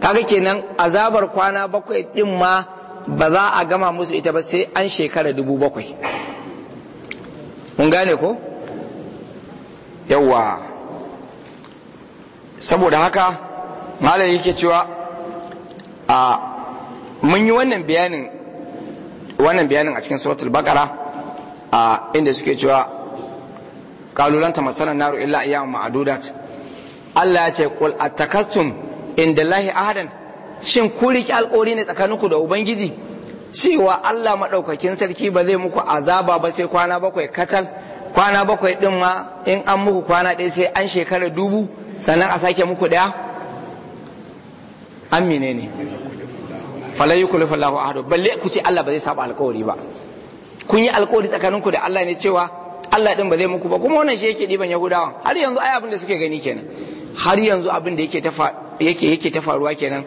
kaga kenan azabar kwana bakwai din ma ba za a gama musu ita ba sai an shekara dubu bakwai mun gane ko yawwa saboda haka malam yake cewa a mun yi wannan bayanin wannan bayanin a cikin suratul baqara a inda suke cewa kalulanta masanan naru illa ayyam ma'adudat Allah ya ce qul attakastum inda lahi ahadan shin ku riki alƙori ne tsakaninku da ubangiji cewa Allah maɗaukakin sarki ba zai muku azaba ba sai kwana bakwai katal kwana bakwai ɗin ma in an muku kwana ɗaya sai an shekara dubu sannan a sake muku ɗaya an mine ne falayi kulu falahu ahadu balle ku ce Allah ba zai saba alkawari ba kun yi alkawari tsakaninku da Allah ne cewa Allah ɗin ba zai muku ba kuma wannan shi yake ɗiban yahudawan har yanzu ai abin da suke gani kenan har yanzu abin da yake ta faruwa kenan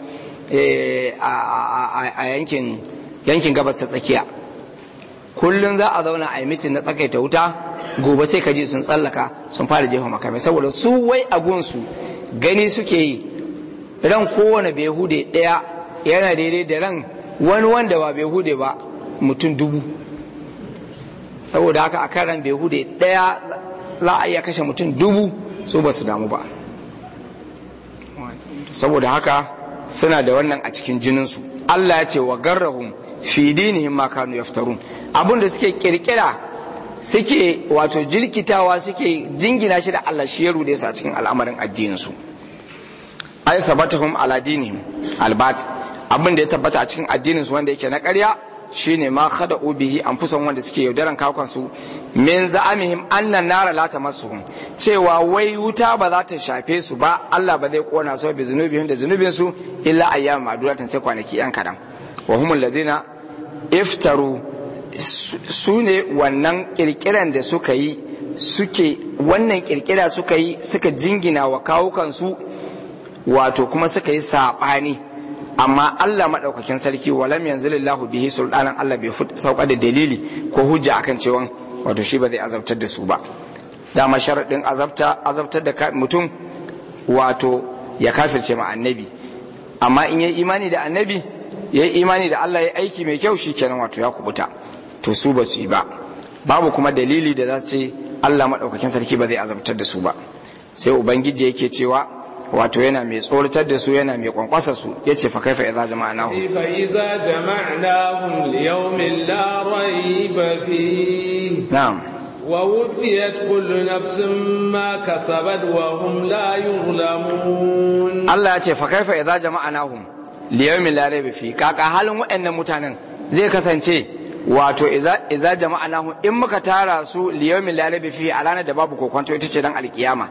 eh, a yankin yankin gabas ta tsakiya kullum za a zauna a yi mitin na tsakaita wuta gobe sai ka je sun tsallaka sun fara jefa makami saboda su wai a gunsu gani suke yi ran kowane bai hude ɗaya yana daidai da ran wani wanda ba bai hude ba mutum dubu saboda haka a bai hude daya za a iya kashe mutum dubu su ba su damu ba saboda haka suna da wannan a cikin jininsu Allah ya ce wa garrahum fi dinihim ma kanu yaftarun abun da suke kirkira suke wato jirkitawa suke jingina shi da Allah shi ya rude su a cikin al'amarin addininsu su ay sabatahum ala dinihim albat abin da ya tabbata a cikin addininsu wanda yake na karya. shine ma kada ubihi an fusan wanda suke yaudaran kakan su min za'amihim annan nara la masu. cewa wai wuta ba za ta shafe su ba Allah ba zai kona su bi zunubihim da zunubin su illa ayyam ma'duratan sai kwanaki yan kadan wa humul ladina iftaru su ne wannan kirkiran da suka yi suke wannan kirkira suka yi suka jingina wa kawukansu wato kuma suka yi saɓani amma Allah madaukakin sarki walam yanzu yanzilillahu bihi sultanan Allah bai sauka da dalili ko hujja akan cewa wato shi ba zai azabtar da su ba dama sharaɗin azabta azabtar da mutum wato ya kafirce ma annabi amma in yayi imani da annabi yayi imani da Allah ya aiki mai kyau shi kenan wato ya kubuta to su ba su yi ba babu kuma dalili da za su ce Allah madaukakin sarki ba zai azabtar da su ba sai ubangiji yake cewa wato yana mai tsoratar da su yana mai kwankwasa su ya ce fa kaifa idza jama'nahu fa idza jama'nahum li yawmin la rayba fi na'am wa wufiyat kullu nafsin ma kasabat wa hum la yughlamun Allah ya ce fa kaifa idza jama'nahum li yawmin la rayba fi. kaka halin waɗannan mutanen zai kasance wato idza jama'anahu in muka tara su liyawmin larabi fi a ranar da babu kokonto ita ce dan alkiyama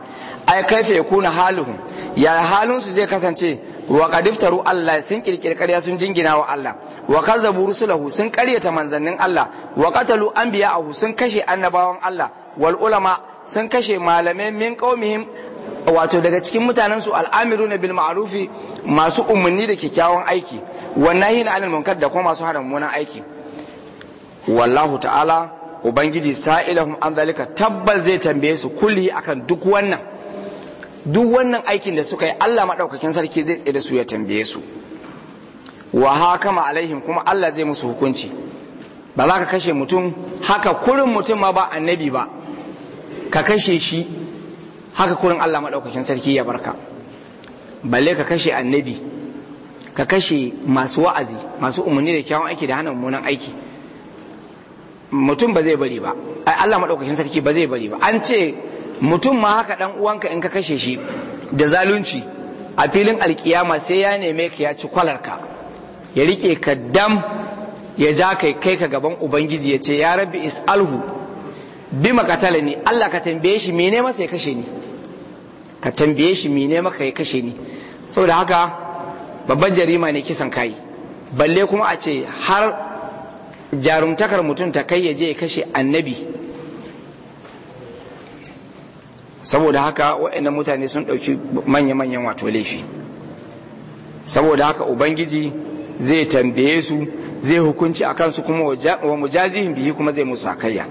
ai kaifa yakuna haluhum ya halun su zai kasance wa qadiftaru Allah sun kirkir ƙarya sun jingina wa Allah wa kazzabu rusulahu sun ƙaryata manzannin Allah wa qatalu anbiya'ahu sun kashe annabawan Allah wal ulama sun kashe malamai min qaumihim wato daga cikin mutanen su al'amiru bil ma'rufi masu umarni da kyakkyawan aiki wannan hin anil munkar da kuma masu harammunan aiki wallahu ta'ala ubangiji sa'ilahum an zalika tabbas zai tambaye su kulli akan duk wannan duk wannan aikin da suka yi Allah maɗaukakin sarki zai tsaye da su ya tambaye su wa kama alaihim kuma Allah zai musu hukunci ba za ka kashe mutum haka kurin mutum ma ba annabi ba ka kashe shi haka kurin Allah madaukakin sarki ya barka balle ka kashe annabi ka kashe masu wa'azi masu umarni da kyawun aiki da hana mummunan aiki mutum ba zai bari ba ai Allah madaukakin sarki ba zai bari ba an ce mutum ma haka ɗan uwanka in ka kashe shi da zalunci a filin alkiyama sai ya neme ka ya ci kwalarka ya rike ka dam ya ja kai kai ka gaban ubangiji ya ce ya rabbi is'alhu bi makatala ni Allah ka tambaye shi mene masa ya kashe ni ka tambaye shi mene maka ya kashe ni saboda haka babban jarima ne kisan kai balle kuma a ce har jarumtakar mutum ta kai ya je kashe annabi saboda haka wa'annan mutane sun ɗauki manya-manyan wato laifi saboda haka ubangiji zai tambaye su zai hukunci a kansu kuma wa mujazihin bihi kuma zai musa sakayya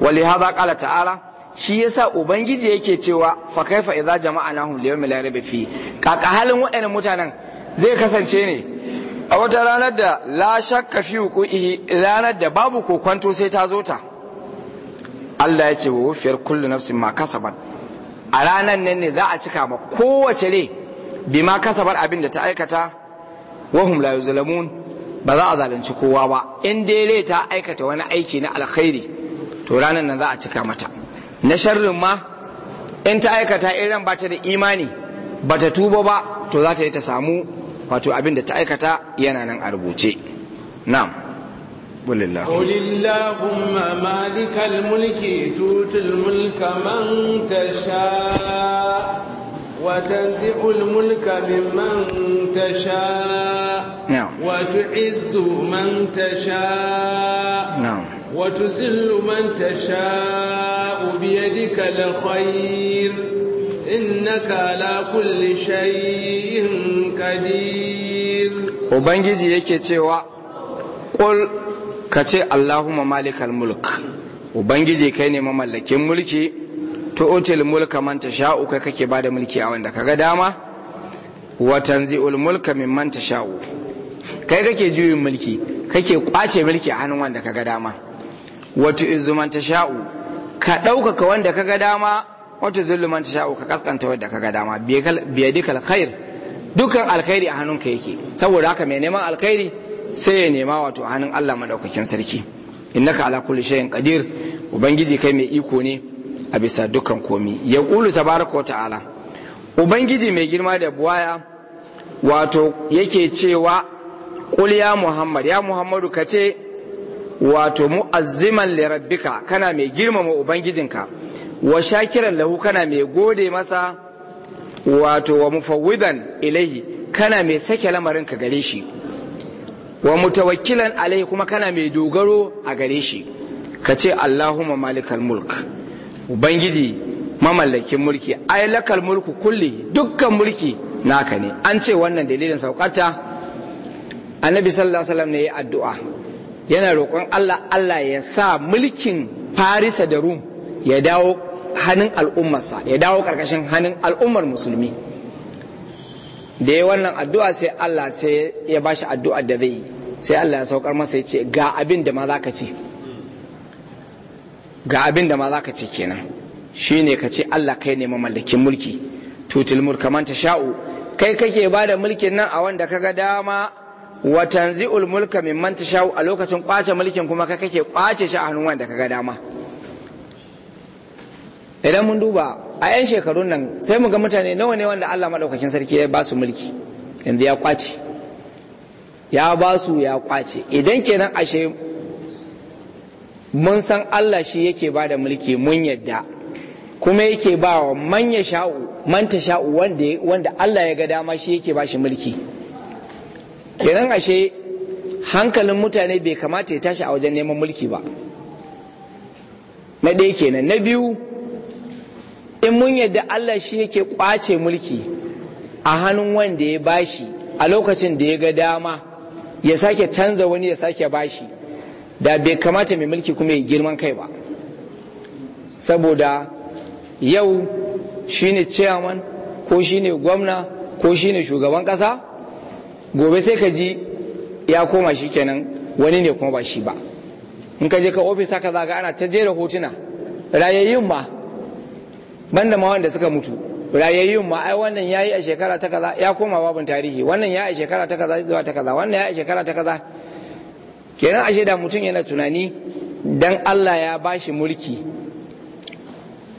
wali haza kala ta'ala shi yasa ubangiji yake cewa fa kaifa idza jama'a na yawmin fi kaka halin waɗannan mutanen zai kasance ne a wata ranar da la shakka fi hukuki ranar da babu kokwanto sai ta zo ta Allah ya ce wa wufiyar kullu nafsin ma kasabar a ranar nan ne za a cika ma kowace rai bi ma kasabar abin da ta aikata wahum la yuzlamun ba za a zalunci kowa ba in dai rai ta aikata wani aiki na alkhairi to ranar nan za a cika mata na sharrin ma in ta aikata irin ba ta da imani ba ta tuba ba to za ta yi ta samu wato abin da ta aikata yana nan a rubuce na'am قل الله قل اللهم مالك الملك توت الملك من تشاء وتنزع الملك ممن تشاء نعم وتعز من تشاء نعم وتذل من تشاء بيدك الخير innaka ala kulli shay'in qadir ubangiji yake cewa qul kace allahumma malikal mulk ubangiji kai ne mamallakin mulki util mulka man tasha'u kai kake bada mulki a wanda kaga dama wa tanzi'ul mulka mimman tasha'u kai kake juyin mulki kake kwace mulki a hannun wanda kaga dama wa tu'izzu man tasha'u ka ɗaukaka wanda kaga dama wata zullu man tasha'u ka kaskanta wadda ka ga dama dukkan alkhair, dukkan alkhairi a hannunka yake saboda haka mai neman alkhairi sai ya nema wato hannun Allah madaukakin sarki innaka ala kulli shay'in qadir ubangiji kai mai iko ne a bisa dukkan komi ya kulu tabaraka wa ta'ala ubangiji mai girma da buwaya wato yake cewa qul ya muhammad ya muhammadu kace wato mu'azziman li rabbika kana mai girmama ubangijinka wa shakiran lahu kana mai gode masa wato wa mufawwidan ilaihi kana mai sake lamarin ka gare shi wa mutawakkilan alaihi kuma kana mai dogaro a gare shi ka ce Allahumma malikal mulk ubangiji mamallakin mulki ai lakal mulku kulli dukkan mulki naka ne an ce wannan dalilin saukata annabi sallallahu alaihi wasallam ne ya addu'a yana roƙon Allah Allah ya sa mulkin Farisa da Rum ya dawo hannun al'ummarsa ya dawo karkashin hannun al'ummar musulmi da ya wannan addu'a sai Allah sai ya shi addu'a da zai yi. sai Allah ya saukar masa ya ce ga abin da ma za ka ce ga abin da ma za ka ce kenan shi ne ka ce Allah kai ne mamallakin mulki tutul murkaman ta sha'u kai kake ba da mulkin nan a wanda ka ga dama wa tanzi'ul mulka mimman ta sha'u a lokacin kwace mulkin kuma ka kake kwace shi a hannun wanda kaga dama idan mun duba a 'yan shekarun nan sai mu ga mutane nawa ne wanda Allah maɗaukakin sarki ya ba su mulki yanzu ya kwace ya ba su ya kwace idan kenan ashe mun san Allah shi yake ba da mulki mun yadda kuma yake ba wa manya sha'u manta sha'u wanda Allah ya ga dama shi yake ba shi mulki kenan ashe hankalin mutane bai kamata ya tashi a wajen neman mulki ba na ɗaya kenan na biyu in mun yadda Allah shi yake kwace mulki a hannun wanda ya bashi a lokacin da ya ga dama ya sake canza wani ya sake bashi da bai kamata mai mulki kuma ya girman kai ba saboda yau shi ne chairman ko shi ne gwamna ko shi ne shugaban ƙasa, gobe sai ka ji ya koma shi kenan wani ne kuma ba shi ba in ka je ka ofis haka zaga ana ta jera hotuna rayayyun ma banda ma wanda suka mutu rayayyun ma ai wannan yayi a shekara ta kaza ya koma babin tarihi wannan ya a shekara ta kaza zuwa ta kaza wannan ya a shekara ta kaza kenan ashe da mutum yana tunani dan Allah ya bashi mulki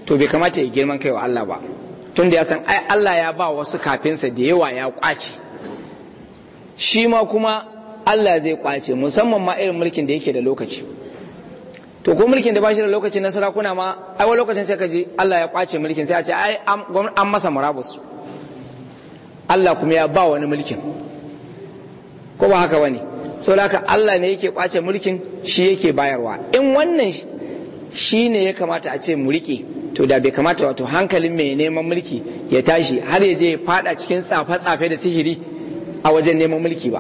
to bai kamata ya girman kai wa Allah ba tunda ya san ai Allah ya ba wasu kafinsa da yawa ya kwace shi ma kuma Allah zai kwace musamman ma irin mulkin da yake da lokaci to ko mulkin da ba shi da lokacin na sarakuna ma ai wani lokacin sai ka ji Allah ya kwace mulkin sai a ce ai an masa murabus Allah kuma ya ba wani mulkin ko ba haka bane saboda Allah ne yake kwace mulkin shi yake bayarwa in wannan shi ne ya kamata a ce mu riƙe to da bai kamata wato hankalin mai neman mulki ya tashi har ya je ya fada cikin tsafe-tsafe da sihiri a wajen neman mulki ba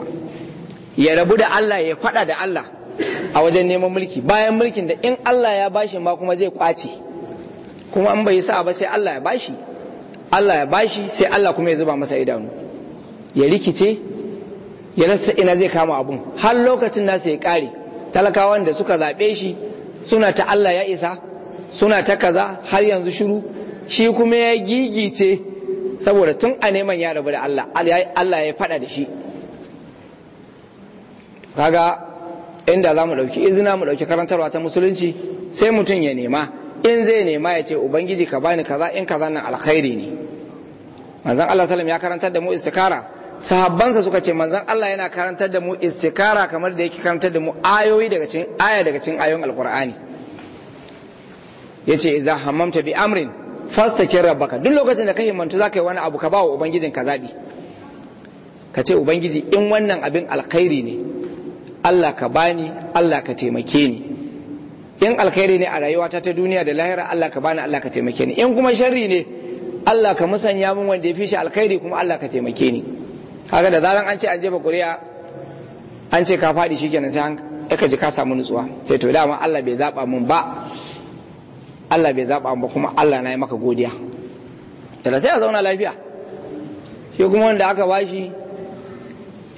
ya rabu da Allah ya fada da Allah a wajen neman mulki bayan mulkin da in Allah ya bashi ma kuma zai kwace kuma an bai sa ba sai Allah ya bashi Allah ya bashi sai Allah kuma ya zuba masa idanu ya rikice ya rasa ina zai kama abun har lokacin nasa ya kare talakawan da suka zaɓe shi suna ta Allah ya isa suna ta kaza har yanzu shiru shi kuma ya gigice saboda tun a neman ya rabu da Allah Allah ya faɗa da shi kaga inda za mu ɗauki izina mu ɗauki karantarwa ta musulunci sai mutum ya nema in zai nema ya ce ubangiji ka bani kaza in kaza nan alkhairi ne manzon Allah sallam ya karantar da mu istikara sahabbansa suka ce manzon Allah yana karantar da mu istikara kamar da yake karantar da mu ayoyi daga cikin aya daga cikin ayoyin alqur'ani yace idza hammamta bi amrin fastakir rabbaka duk lokacin da ka himmantu zaka yi wani abu ka ba wa ubangijin ka zabi ka ce ubangiji in wannan abin alkhairi ne Allah ka bani Allah ka taimake ni in alkhairi ne a rayuwata ta duniya da lahira Allah ka bani Allah ka taimake ni in kuma sharri ne Allah ka musanya min wanda ya fi shi alkhairi kuma Allah ka taimake ni kaga da zaran an ce an jefa ƙuri'a an ce ka faɗi shikenan sai an ka ji ka samu nutsuwa sai to dama Allah bai zaba min ba Allah bai zaba min ba kuma Allah na yi maka godiya tana sai a zauna lafiya shi kuma wanda aka bashi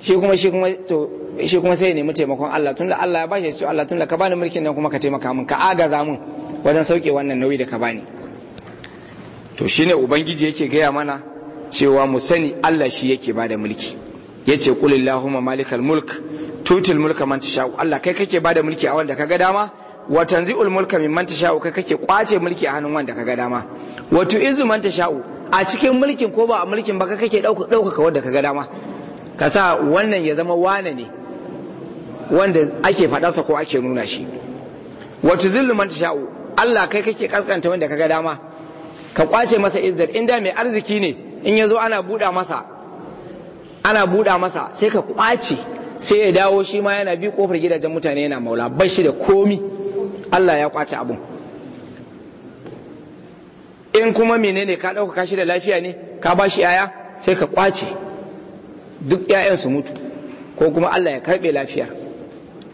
shi kuma shi kuma to shi kuma sai ya nemi taimakon Allah da Allah ya bashi su Allah Allah da ka bani mulkin nan kuma ka taimaka min ka agaza min wajen sauke wannan nauyi da ka bani to shine ubangiji yake gaya mana cewa mu sani Allah shi yake bada mulki yace qul illahumma malikal mulk tutil mulka man tasha Allah kai kake bada mulki a wanda kaga dama wa tanzi'ul mulka mimman tasha kai kake kwace mulki a hannun wanda kaga dama wa tu'izzu man tasha a cikin mulkin ko ba a mulkin ba kai kake dauka dauka wanda kaga dama ka sa wannan ya zama wane ne wanda ake faɗasa ko ake nuna shi wata zillu man sha'u Allah kai kake kaskanta wanda kaga dama ka kwace masa izzar inda mai arziki ne in ya zo ana buɗa masa ana buɗa masa sai ka kwace sai ya dawo shi ma yana bi kofar gidajen mutane yana maula bai shi da komi Allah ya kwace abun in kuma menene ka ɗauka kashi da lafiya ne ka ba shi yaya sai ka kwace duk 'ya'yan su mutu ko kuma Allah ya karɓe lafiya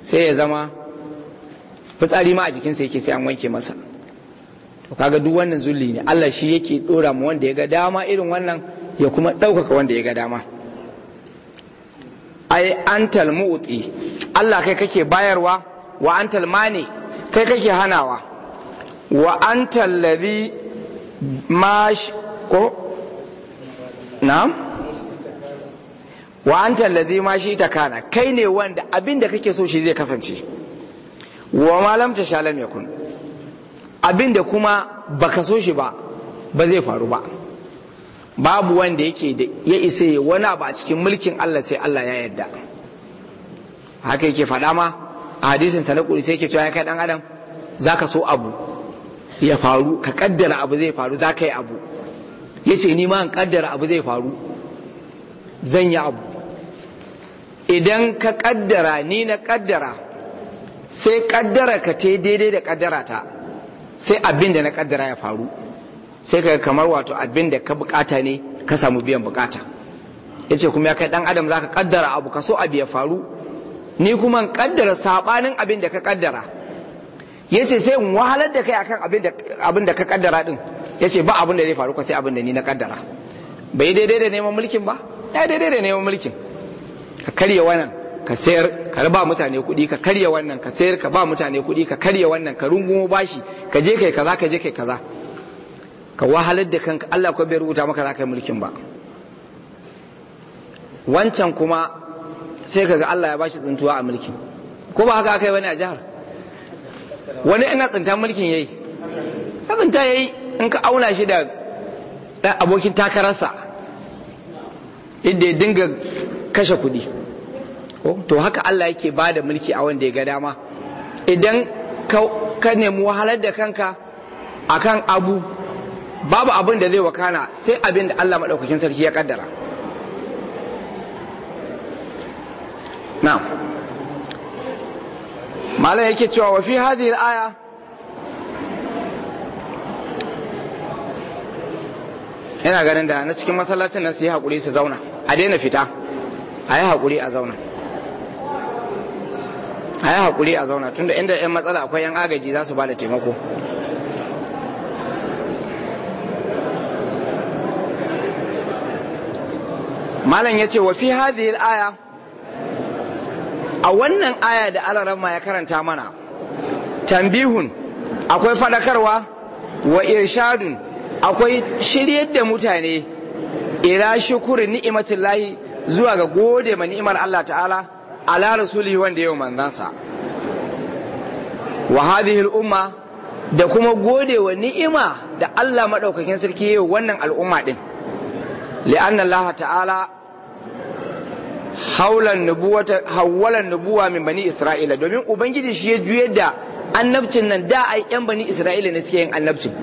sai ya zama fitsari ma a jikinsa yake sai an wanke masa to kaga duk wannan zulli ne Allah shi yake dora mu wanda ya ga dama irin wannan ya kuma ɗaukaka wanda ya ga dama ai antal mu'ti Allah kai kake bayarwa wa antal mani kai kake hanawa wa antal ladhi mash ko na'am wa anta allazi ma shi ta kana kai ne wanda abin da kake so shi zai kasance wa ma lam tasha lam yakun abin da kuma baka so shi ba ba zai faru ba babu wanda yake da ya isa wani abu a cikin mulkin Allah sai Allah ya yarda haka yake faɗa ma a hadisin sa na kuri sai yake cewa kai dan adam zaka so abu ya faru ka kaddara abu zai faru zaka yi abu yace ni ma in kaddara abu zai faru zan yi abu idan ka kaddara ni na kaddara sai kaddara ka te daidai da kaddara ta sai abin da na kaddara ya faru sai ka kamar wato abin da ka bukata ne ka samu biyan bukata ya ce kuma ya kai dan adam za ka kaddara abu ka so abu ya faru ni kuma in kaddara sabanin abin da ka kaddara ya ce sai in wahalar da kai akan abin da ka kaddara din ya ce ba abin da zai faru ka sai abin da ni na kaddara bai daidai da neman mulkin ba ya daidai da neman mulkin ka karya wannan ka sayar ka ba mutane kuɗi ka karya wannan ka sayar ka ba mutane kuɗi ka karya wannan ka rungumo bashi ka je kai kaza ka je kai kaza ka wahalar da kanka Allah ko bai rubuta maka za ka yi mulkin ba wancan kuma sai kaga Allah ya bashi tsintuwa a mulkin ko ba haka aka yi wani a jihar wani ina tsinta mulkin yayi ka tsinta yayi in ka auna shi da abokin takararsa inda ya dinga kashe kuɗi to haka Allah yake ba da mulki a wanda ya ga dama idan ka nemi wahalar da kanka a kan abu babu abin da zai wakana sai abin da Allah maɗaukakin sarki ya ƙaddara. na malam yake cewa wa fi hadhihi al yana ganin da na cikin masallacin nan su yi haƙuri su zauna a daina fita a yi haƙuri a zauna a yi haƙuri a zauna tunda inda 'yan matsala akwai 'yan agaji za su ba da taimako malam ya ce wa fi hadhihi aya a wannan aya da alarama ya karanta mana tambihun akwai fadakarwa wa irshadun akwai shiryar da mutane ila shukuri ni'imatillahi zuwa ga gode ma ni'imar Allah ta'ala ala rasuli wanda yau manzansa wa hadhihi al-umma da kuma gode wa ni'ima da Allah madaukakin sarki yau wannan al'umma din li'anna Allah ta'ala haulan nubuwata hawwalan nubuwa min bani isra'ila domin ubangiji shi ya juyar da annabcin nan da ai yan bani isra'ila ne suke yin annabcin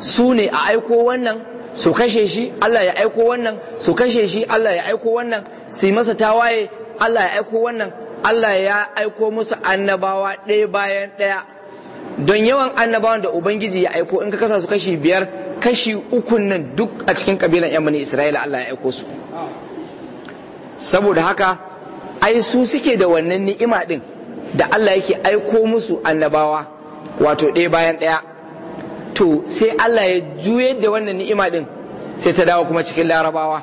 su ne a aiko wannan su kashe shi Allah ya aiko wannan su kashe shi Allah ya aiko wannan su masa tawaye Allah ya aiko wannan Allah ya aiko musu annabawa ɗaya bayan ɗaya don yawan annabawan da ubangiji ya aiko in ka kasa su kashi biyar kashi ukun nan duk a cikin kabilan yan bani isra'ila Allah ya aiko su saboda haka ai su suke da wannan ni'ima din da Allah yake aiko musu annabawa wato ɗaya bayan ɗaya to sai Allah ya juye da wannan ni'ima din sai ta dawo kuma cikin larabawa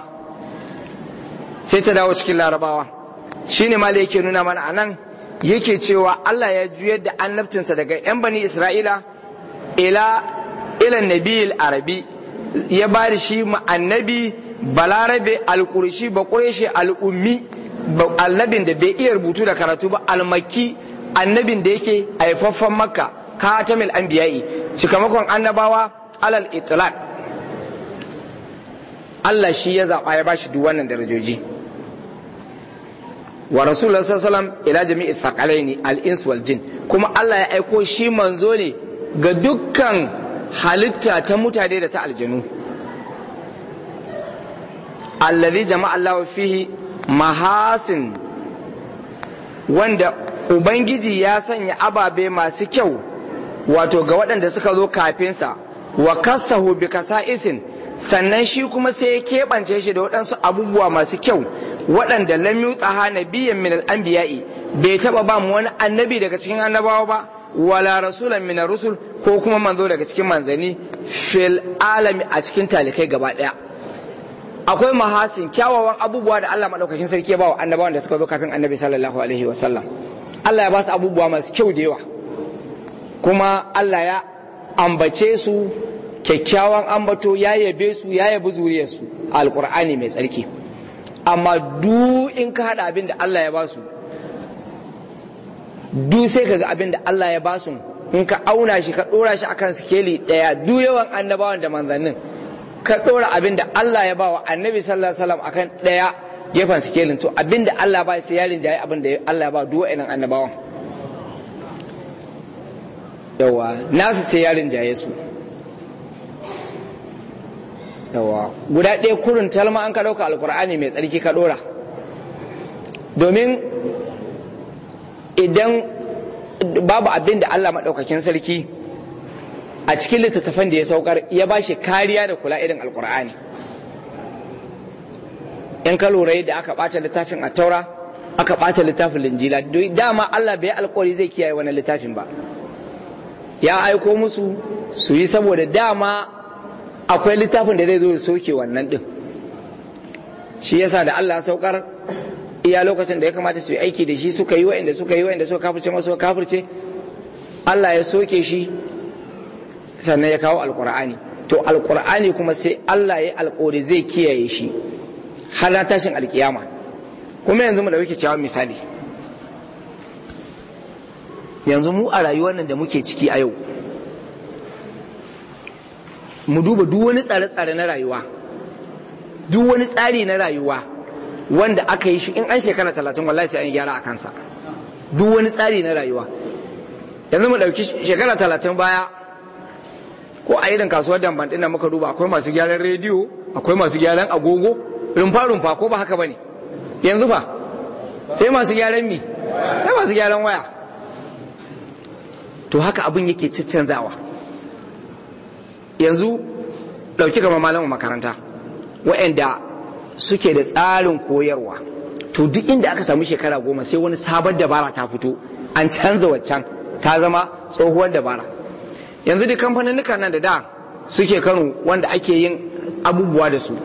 sai ta dawo cikin larabawa shine ma yake nuna mana anan yake cewa Allah ya juyar da annabcinsa daga yan bani Isra'ila ila ila nabiyil arabi ya ba shi ma annabi balarabe alkurshi ba ƙureshi al'ummi annabin da bai iya rubutu da karatu ba almaki annabin da yake haifaffen makka katamil anbiya'i cikamakon annabawa alal itlaq Allah shi ya zaɓa ya bashi duk wannan darajoji wa rasulullah sallallahu ila jami'i thaqalaini al ins wal jin kuma Allah ya aiko shi manzo ne ga dukkan halitta ta mutane da ta aljanu alladhi jama'a Allah fihi mahasin wanda ubangiji ya sanya ababe masu kyau wato ga waɗanda suka zo kafinsa wa kassahu bi isin sannan shi kuma sai ya keɓance shi da waɗansu abubuwa masu kyau waɗanda lam yutaha biyan min al-anbiya'i bai taba ba mu wani annabi daga cikin annabawa ba wala rasulan min rusul ko kuma manzo daga cikin manzani fil alami a cikin talikai gaba ɗaya. akwai mahasin kyawawan abubuwa da Allah madaukakin sarki ya ba wa annabawan da suka zo kafin annabi sallallahu alaihi wasallam Allah ya ba su abubuwa masu kyau da yawa kuma Allah ya ambace su kyakkyawan ambato ya yabe su ya yabi zuriyarsu a alkur'ani mai tsarki amma du in ka haɗa abin da Allah ya ba su du sai ka ga abin da Allah ya ba su in ka auna shi ka ɗora shi akan sikeli ɗaya du yawan annabawan da manzannin ka ɗora abin da Allah ya ba wa annabi sallallahu alaihi wasallam akan ɗaya gefen sikelin to abin da Allah ba sai yarin jaye abin da Allah ya ba du wa'annan annabawan yawa nasu sai yarin jaye su yawa guda ɗaya kurin talma an ka ɗauka alkur'ani mai tsarki ka ɗora domin idan babu abin da allah maɗaukakin sarki a cikin littattafan da ya saukar ya ba shi kariya da kula irin alkur'ani in ka lura da aka ɓata littafin a taura aka ɓata littafin linjila dama allah bai alkawari zai kiyaye wani littafin ba ya aiko musu su yi saboda dama akwai littafin da zai zo ya soke wannan din shi yasa da Allah saukar iya lokacin da ya kamata su yi aiki da shi suka yi wa'inda suka yi wa'inda suka kafirce masu kafirce Allah ya soke shi sannan ya kawo alkur'ani to alkur'ani kuma sai Allah ya alkori zai kiyaye shi har na tashin alkiyama kuma yanzu mu da wuke cewa misali yanzu mu a rayuwar nan da muke ciki a yau mu duba duk wani tsare-tsare na rayuwa duk wani tsari na rayuwa wanda aka yi shi in an shekara talatin wallahi sai an gyara a kansa duk wani tsari na rayuwa yanzu mu ɗauki shekara talatin baya ko a irin kasuwar damban ɗin muka duba akwai masu gyaran rediyo akwai masu gyaran agogo rumfa rumfa ko ba haka bane yanzu fa sai masu gyaran mi sai masu gyaran waya to haka abin yake canzawa, yanzu ɗauki kamar malamin makaranta waɗanda suke da tsarin koyarwa to duk inda aka samu shekara goma sai wani sabon dabara ta fito an canza waccan ta zama tsohuwar dabara yanzu duk kamfaninnukan nan da da suke kano wanda ake yin abubuwa da su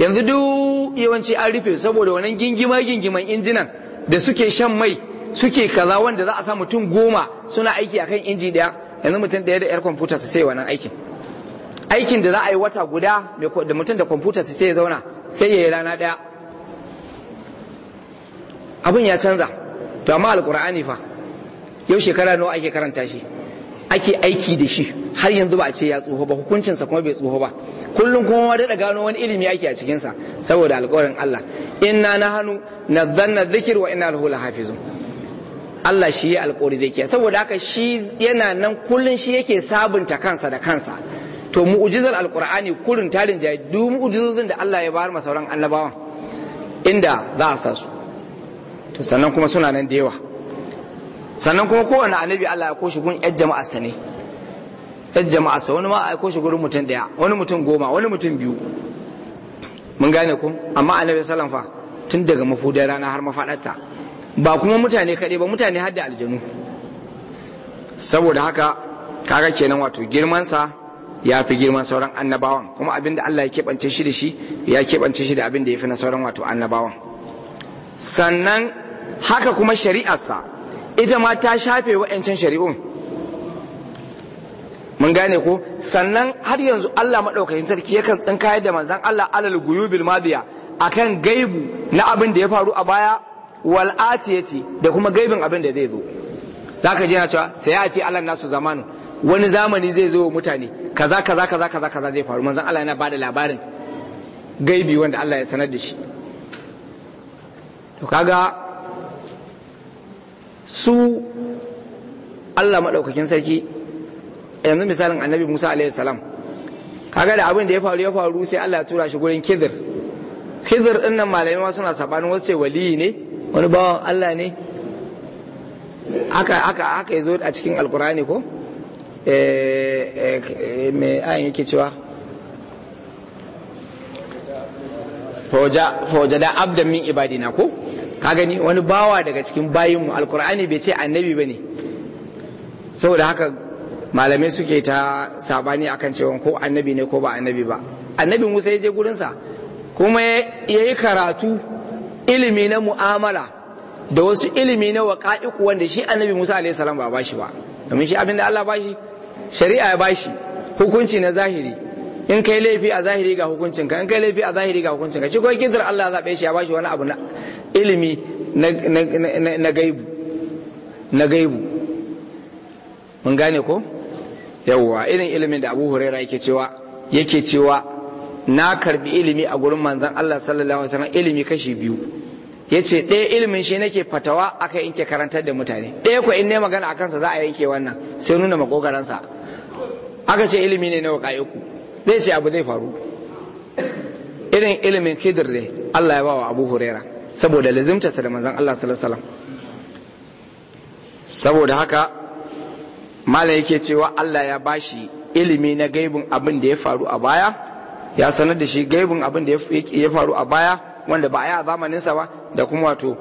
yanzu duk yawanci an rufe saboda wani gingima gingiman injinan da suke shan mai suke kaza wanda za a sa mutum goma suna aiki akan inji daya yanzu mutum daya da yar kwamfuta su sai wannan aikin aikin da za a yi wata guda da mutum da kwamfuta su sai ya zauna sai ya yi rana daya abin ya canza to amma alkur'ani fa yau shekara nawa ake karanta shi ake aiki da shi har yanzu ba a ce ya tsoho ba hukuncinsa kuma bai tsoho ba kullum kuma ma daɗa gano wani ilimi ake a cikinsa saboda alƙawarin Allah inna na hannu na zanna zikir wa ina lahu lahafizun Allah shi ya alkawari zai kiyaye saboda haka shi yana nan kullun shi yake sabunta kansa da kansa to mu'jizar alqur'ani kullun tarin jayi du mu'jizozin da Allah ya bayar masa sauran annabawan inda za a sa su to sannan kuma suna nan da yawa sannan kuma kowane annabi Allah ya koshi gun yan jama'a sane ne yan jama'a sa wani ma a koshi gurin mutum daya wani mutum goma wani mutum biyu mun gane ku amma annabi wasallam fa tun daga mafudar rana har mafadarta ba kuma mutane kaɗai ba mutane hadda aljanu saboda haka kaga kenan wato girmansa ya fi girman sauran annabawan kuma abinda Allah ya keɓance shi da shi ya keɓance shi da abinda ya fi na sauran wato annabawan sannan haka kuma shari'arsa ita ma ta shafe wa'ancan shari'un mun gane ko sannan har yanzu Allah maɗaukakin sarki yakan tsinka da manzan Allah alal guyubil a kan gaibu na abin da ya faru a baya wal atiyati da kuma gaibin abin da zai zo zaka ji na cewa sayati Allah nasu zamanu wani zamani zai zo mutane kaza kaza kaza kaza kaza zai faru manzon Allah yana bada labarin gaibi wanda Allah ya sanar da shi to kaga su Allah maɗaukakin sarki yanzu misalin annabi Musa alaihi salam kaga da abin da ya faru ya faru sai Allah ya tura shi gurin Khidir Khidir din nan malamai suna sabanin wasu sai waliyi ne wani bawan Allah ne aka aka zo a cikin alkurani ko eh, eh, eh, me ayin yake cewa fauja da abdan min ibadina ko ka gani wani bawa daga cikin bayinmu alkur'ani bai ce annabi ba ne saboda haka malamai suke ta sabani akan cewa ko annabi ne ko ba annabi ba annabi musa ya je gurinsa kuma ya yi karatu ilimi na mu'amala da wasu ilimi na waƙa'iku wanda shi annabi Musa alayhi salam ba bashi ba domin shi abinda Allah bashi shari'a ya bashi hukunci na zahiri in kai laifi a zahiri ga hukuncin ka in kai laifi a zahiri ga hukuncin ka shi ko kidar Allah zabe shi ya bashi wani abu na ilimi na gaibu na gaibu mun gane ko yawwa irin ilimin da Abu Huraira yake cewa yake cewa na karbi ilimi a gurin manzan Allah sallallahu alaihi wasallam ilimi kashi biyu yace ɗaya ilimin shi nake fatawa aka yanke karantar da mutane ɗaya ko in ne magana akan sa za a yanke wannan sai nuna makogaran sa aka ce ilimi ne na waqaiku zai ce abu zai faru irin ilimin kidir ne Allah ya ba wa Abu Huraira saboda lazimtarsa da manzan Allah sallallahu alaihi saboda haka malam yake cewa Allah ya bashi ilimi na gaibin abin da ya faru a baya ya sanar da shi gaibin abin da ya faru a baya wanda ba a yi a zamaninsa ba da kuma wato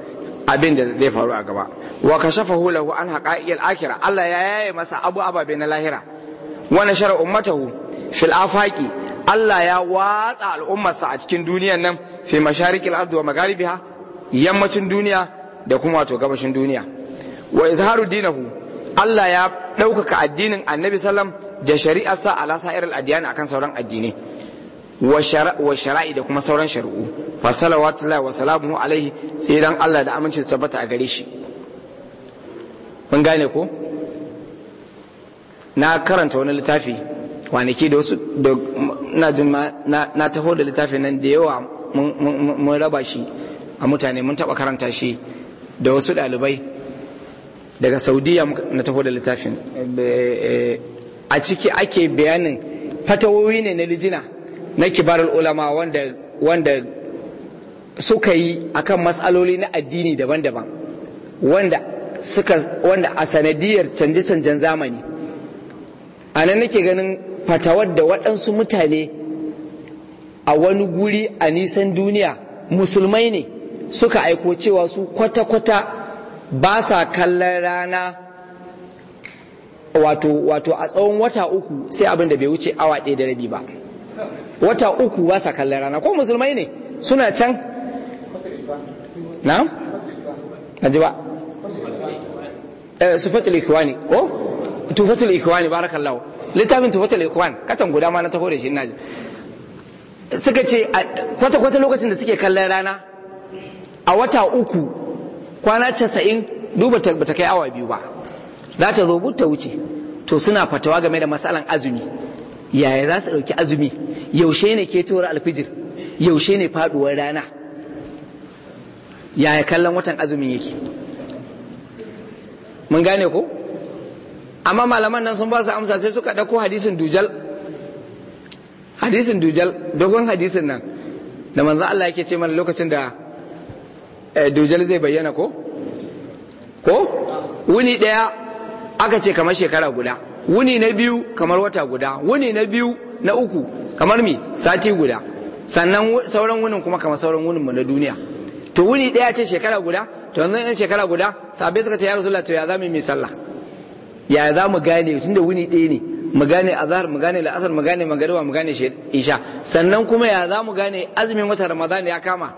abin da zai faru a gaba wa kashafa lahu an haƙa iya lakira. Allah ya yaye masa abu ababe na lahira Wani nashara ummatahu fil afaki Allah ya watsa al'ummarsa a cikin duniyar nan fi masharikil ardi wa magharibiha yammacin duniya da kuma wato gabashin duniya wa izharu dinahu Allah ya ɗaukaka addinin annabi sallam da shari'arsa ala sa'irar addiyani akan sauran addinai wa shara'i da kuma sauran shari'u fa salawatullahi wa salamuhu alaihi sai don Allah da su tabbata a gare shi mun gane ko na karanta wani littafi kwanaki da wasu da na jin na taho da littafin nan da yawa mun raba shi a mutane mun taba karanta shi da wasu ɗalibai daga saudiya na taho da littafin eh, eh, a ciki ake bayanin fatawowi ne na lijina na kibarul ulama wanda wanda suka yi akan matsaloli na addini daban-daban wanda suka wanda a sanadiyar canje-canjen zamani a nan nake ganin fatawar da waɗansu mutane a wani guri a nisan duniya musulmai ne suka aiko cewa su kwata-kwata ba sa kallon rana wato wato a tsawon wata uku sai abin da bai wuce awa ɗaya da rabi ba wata uku ba sa kallon rana ko musulmai ne suna can na? ji ba eh, fatil ikwani ko fatil ikwani lawo littafin fatil ikwani katon guda ma na taho da shi ina ji suka ce kwata-kwata lokacin da suke kallon rana a wata uku kwana casa'in duba ba ta kai awa biyu ba za ta zo ta wuce to suna fatawa game da matsalan azumi yaya za su ɗauki azumi yaushe ne ketowar alfijir yaushe ne faɗuwar rana yaya kallon watan azumin yake mun gane ko amma malaman nan sun ba su amsa sai suka ɗauko hadisin dujal hadisin dujal dogon hadisin nan da manzo Allah yake ce mana lokacin da eh, dujal zai bayyana ko ko wuni ɗaya aka ce kamar shekara guda wuni na biyu kamar wata guda wuni na biyu na uku kamar mi sati guda sannan sauran wunin kuma kamar sauran wunin mu na duniya to wuni daya ce shekara guda to yanzu yan shekara guda sabai suka ce ya rasulullah to ya zamu mai sallah ya za mu gane tunda wuni ɗaya ne mu gane azhar mu gane la'asar mu gane magariba mu gane isha sannan kuma ya za mu gane azumin watan ramadan ya kama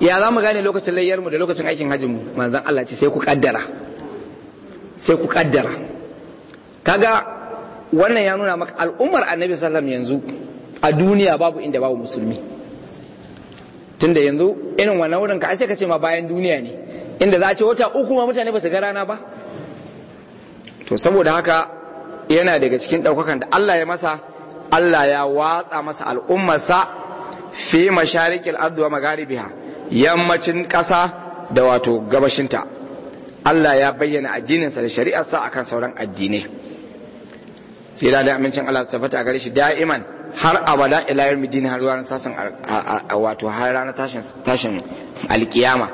ya za mu gane lokacin layyar mu da lokacin aikin hajjin mu manzon Allah ce sai ku kaddara sai ku kaddara kaga wannan ya nuna maka al'ummar annabi sallam yanzu a duniya babu inda babu musulmi tunda yanzu irin wannan wurin ka sai ka ce ma bayan duniya ne inda za a ce wata uku ma mutane ba su ga rana ba to saboda haka yana daga cikin ɗaukakan da Allah ya masa Allah ya watsa masa al'ummarsa fi masharikil ardu wa magharibiha yammacin ƙasa da wato gabashinta Allah ya bayyana addinin sa da shari'arsa akan sauran addinai sai da amincin Allah su tabbata gare shi da'iman har abada ilayar yawmiddin har ruwan sasan wato har ranar tashin tashin alkiyama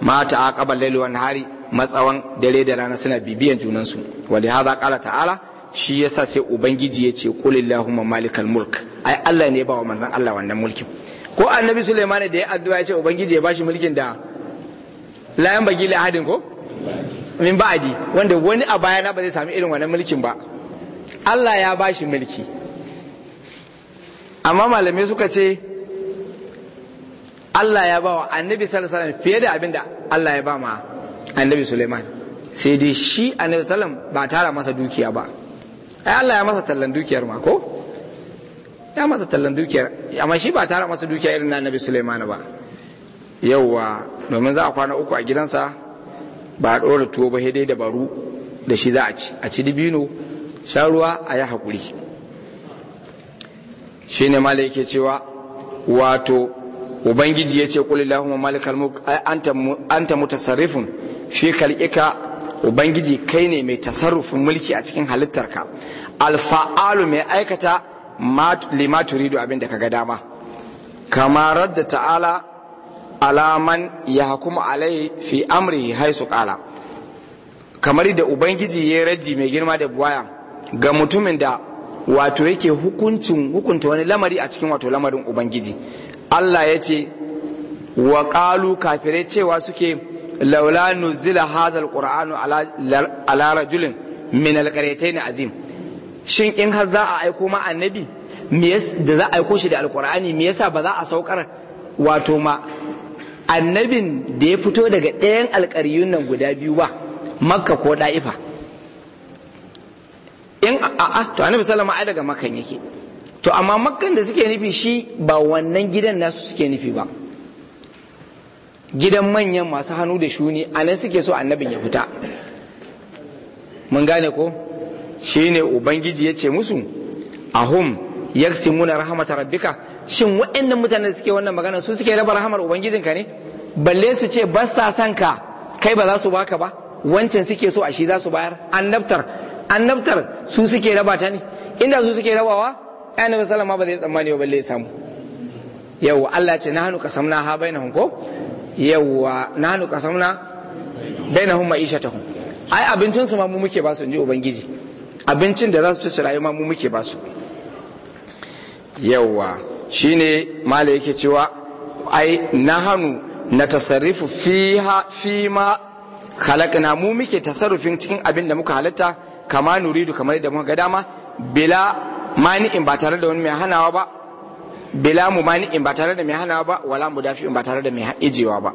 ma ta'aqaba layli wan hari matsawan dare da rana suna bibiyan junansu, su wa li ta'ala shi yasa sai ubangiji ya ce qul illahumma malikal mulk ai Allah ne ba wa manzon Allah wannan mulkin ko annabi Sulaiman da ya addu'a ya ce ubangiji ya bashi mulkin da layan bagila hadin ko min ba'adi wanda wani a bayana ba zai sami irin wannan mulkin ba Allah ya ba shi mulki amma malamai suka ce Allah ya ba wa annabi salasalam fiye da abin da Allah ya ba ma annabi Suleiman sai dai shi annabi Salam ba tara masa dukiya ba ai Allah ya masa tallan dukiyar ma ko ya masa tallan dukiyar amma shi ba tara masa dukiya irin na annabi Suleiman ba yauwa domin za a kwana uku a gidansa ba a ɗora tuwo ba dai dabaru da shi za a ci a ci dibino sha ruwa a yi haƙuri shi ne mala ke cewa wato ubangiji ya ce kulillahumma malikal mulk anta mutasarrifun fi kal'ika ubangiji kai ne mai tasarrufin mulki a cikin halittarka alfa'alu mai aikata lima turidu abinda ka ga dama kamar da ta'ala alaman ya hakuma alai fi amri haisu kala kamar da ubangiji ya yi raddi mai girma da buwayan. ga mutumin da wato yake hukuncin hukunta wani lamari a cikin wato lamarin ubangiji Allah ya ce wa ƙalu kafirai cewa suke laula nuzila hazal qur'anu ala rajulin min alqaryatayn azim shin in har za a aiko ma annabi da za a aiko shi da alqur'ani me yasa ba za a saukar wato ma annabin da ya fito daga ɗayan alƙaryun nan guda biyu ba makka ko da'ifa in a'a to annabi sallama ai daga makan yake to amma makan da suke nufi shi ba wannan gidan nasu suke nufi ba gidan manyan masu hannu da shuni a nan suke so annabin ya fita mun gane ko shine ubangiji ya ce musu ahum yaksimuna rahmatar rabbika shin wa'annan mutanen da suke wannan magana su suke raba Ubangijin ka ne balle su ce ba sa son kai ba za su baka ba wancan suke so a shi za su bayar annabtar annabtar su suke raba ta ne inda su suke rabawa ai annabi sallama ba zai tsammani ba balle ya samu yawwa Allah ce nahnu kasamna ha bainahum ko yawwa nahnu kasamna bainahum ma'ishatahum ai abincin su ma mu muke basu inji ubangiji abincin da za su ci su rayu ma mu muke basu yawwa shine mala yake cewa ai nahnu tasarrufu fiha fima khalaqna mu muke tasarrufin cikin abin da muka halitta kama nuridu kamar da muka ga dama bila mani'in ba tare da wani mai hanawa ba bila mu mani'in ba tare da mai hanawa ba wala mu dafi'in ba tare da mai ijewa ba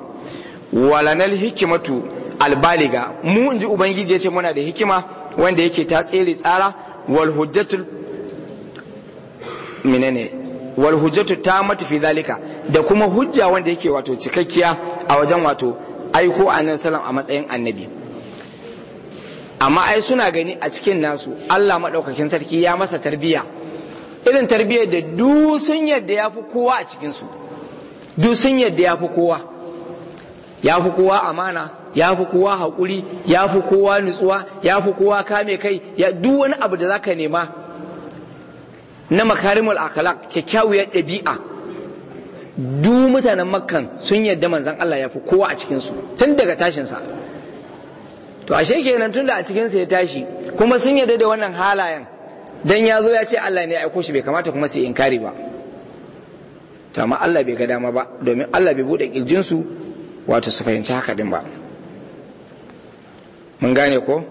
walanal hikimatu albaliga mu inji ubangiji yace muna da hikima wanda yake ta tsere tsara wal hujjatul minene wal hujjatu tamatu fi zalika da kuma hujja wanda yake wato cikakkiya a wajen wato aiko annabi sallam a matsayin annabi amma ai suna gani a cikin nasu Allah maɗaukakin sarki ya masa tarbiyya irin tarbiyyar da du sun yadda ya fi kowa a cikinsu du sun yadda ya fi kowa ya fi kowa amana ya fi kowa haƙuri ya fi kowa nutsuwa ya fi kowa kame kai ya duk wani abu da zaka nema na makarimul akhlaq kyakkyawar ɗabi'a du mutanen makkan sun yadda manzon Allah ya fi kowa a cikinsu tun daga tashinsa to ashe kenan tunda a cikin sa ya tashi kuma sun yarda da wannan halayen dan ya zo ya ce Allah ne ya aiko shi bai kamata kuma su inkari ba to amma Allah bai ga dama ba domin Allah bai bude kirjin su wato su fahimci haka din ba mun gane ko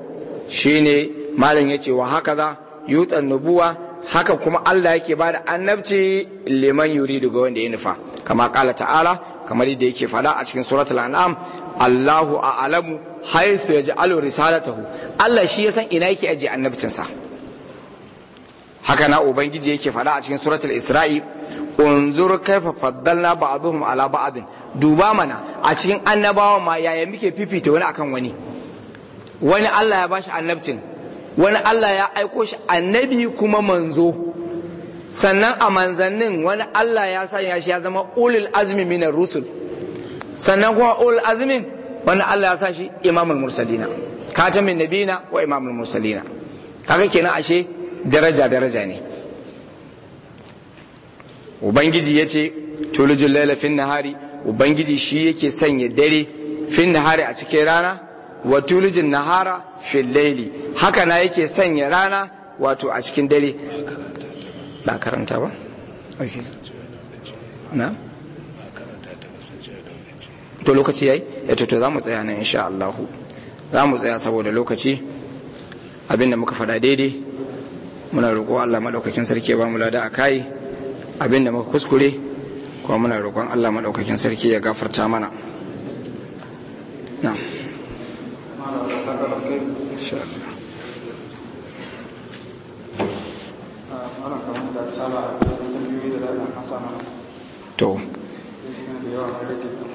shine malam yace wa haka za yutan nubuwa haka kuma Allah yake ba da annabci liman yuridu ga wanda ya nufa kama kala ta'ala kamar yadda yake fada a cikin suratul an'am Allahu a a'lamu ya ji alo risalatahu Allah shi ya san ina yake ajiye annabcinsa haka na ubangiji yake faɗa a cikin suratul isra'i unzur kaifa faddalna ba'dhum ala ba'din duba mana a cikin annabawa ma yaya muke fifita wani akan wani wani Allah ya bashi annabcin wani Allah ya aiko shi annabi kuma manzo sannan a manzannin wani Allah ya sa sanya shi ya zama ulul azmi minar rusul sannan kuma ul azmin wannan Allah ya sa shi imamul mursalina katamin nabina wa imamul mursalina kaga kenan ashe daraja daraja ne ubangiji ya ce tulujul laila fin nahari ubangiji shi yake sanya dare fin nahari a cikin rana wa tulujin nahara fil laili haka na yake sanya rana wato a cikin dare ba karanta ba na to lokaci yayi eto eh, to za mu tsaya nan insha Allah za mu tsaya saboda lokaci abinda muka faɗa daidai muna roƙo Allah madaukakin sarki ya ba mu lada a kai abinda muka kuskure kuma muna roƙon Allah madaukakin sarki ya gafarta mana na'am to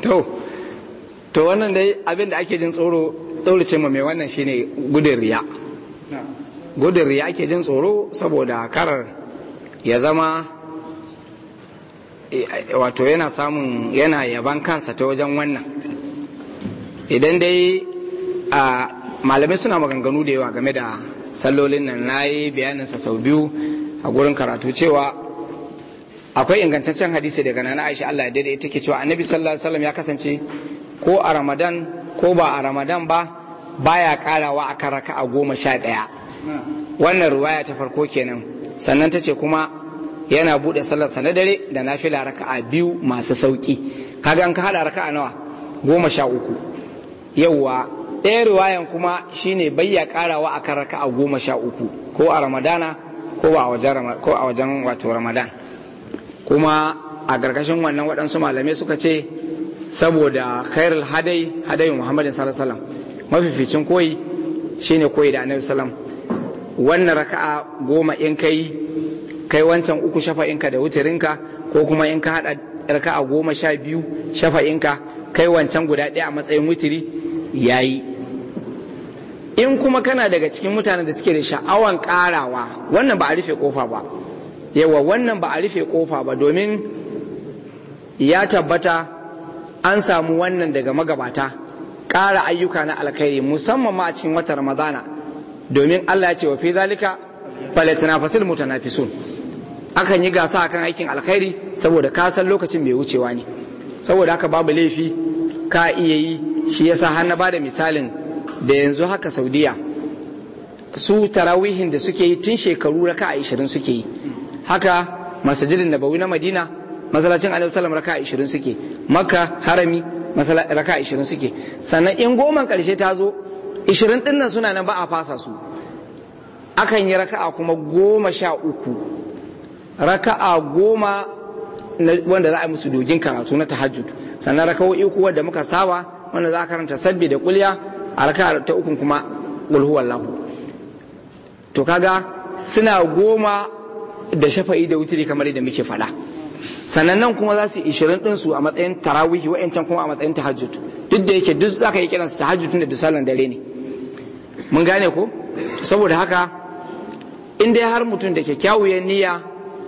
to to wannan dai abin da ake jin tsoro tsorace mu mai wannan shine gudun riya gudun riya ake jin tsoro saboda karar ya zama eh, eh, wato yana samun yana yaban kansa ta wajen wannan idan dai malamai suna maganganu da yawa game da sallolin nan na yi bayaninsa sau biyu a gurin karatu cewa akwai ingantaccen hadisi daga nana aisha Allah ya daidai take cewa annabi sallallahu alaihi wasallam ya kasance ko a ramadan ko ba a ramadan ba baya karawa akan karaka a goma sha ɗaya wannan ruwaya ta farko kenan sannan ta ce kuma yana buɗe sallarsa na dare da nafila raka'a biyu masu sauki kaga an ka haɗa raka'a nawa goma sha uku yauwa ɗaya ruwayan kuma shine bayya karawa akan kan raka'a goma sha uku ko a ramadana ko a wajen wato ramadan kuma a ƙarƙashin wannan waɗansu malamai suka ce saboda khairul hadai Hadai muhammadin sallallahu alaihi wasallam mafificin koyi shine koyi da annabi sallam wannan raka'a goma in kai kai wancan uku shafa'inka da wutirinka ko kuma in ka haɗa raka'a goma sha biyu shafa'inka kai wancan guda ɗaya a matsayin wutiri yayi in kuma kana daga cikin mutanen da suke da sha'awan ƙarawa wannan ba a rufe kofa ba yawa wannan ba a rufe kofa ba domin ya tabbata an samu wannan daga magabata ƙara ayyuka na alkhairi musamman ma a cikin watan ramadana domin allah ya ce wa fi zalika falatinafasil mutanafisun akan yi gasa akan aikin alkhairi saboda ka san lokacin bai wucewa ne saboda haka babu laifi ka iya yi shi yasa har na bada misalin da yanzu haka saudiya su tarawihin da suke yi tun shekaru raka a suke yi haka masajidin nabawi na madina masallacin alaihi wasallam raka 20 suke makka harami raka 20 suke sannan in goman karshe ta zo 20 dinnan suna nan ba a fasa su akan yi raka'a kuma goma sha uku raka'a goma wanda za a musu dogin karatu na tahajjud sannan raka'o'i uku wanda muka sawa wanda za a karanta sabbi da kulya a raka'a ta ukun kuma ulhuwallahu to kaga suna goma da shafa'i da wutiri kamar yadda muke faɗa sannan nan kuma za su yi ishirin ɗinsu a matsayin tarawihi wa'yancan kuma a matsayin tahajjud duk da yake duk za ka yi kiransu tahajjud da dusalan dare ne mun gane ko saboda haka in dai har mutum da ya niyya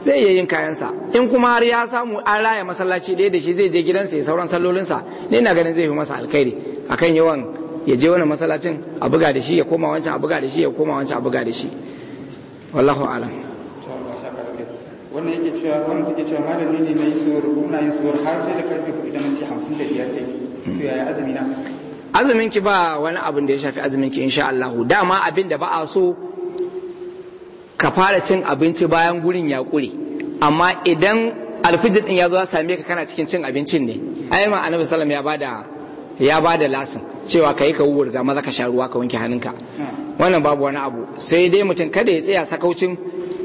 zai iya yin kayansa in kuma har ya samu an raya masallaci ɗaya da shi zai je gidansa ya sauran sallolinsa ne na ganin zai fi masa alkhairi akan yawan ya je wani masallacin a buga da shi ya koma wancan a buga da shi ya koma wancan a buga da shi wallahu alam wannan yake cewa wanda take cewa malami ne na yi suwar na yin suwar har sai da karfe kuɗi da minti hamsin da biyar ta yi to yaya azumi na azumin ki ba wani abin da ya shafi azumin ki insha Allah dama abin da ba a so ka fara cin abinci bayan gurin ya kure amma idan alfijir din ya zo ya same ka kana cikin cin abincin ne ai ma annabi sallam ya bada ya bada lasin cewa kai ka wurga maza ka sha ruwa ka wanke hannunka hmm. wannan babu wani abu sai dai mutum kada ya tsaya sakaucin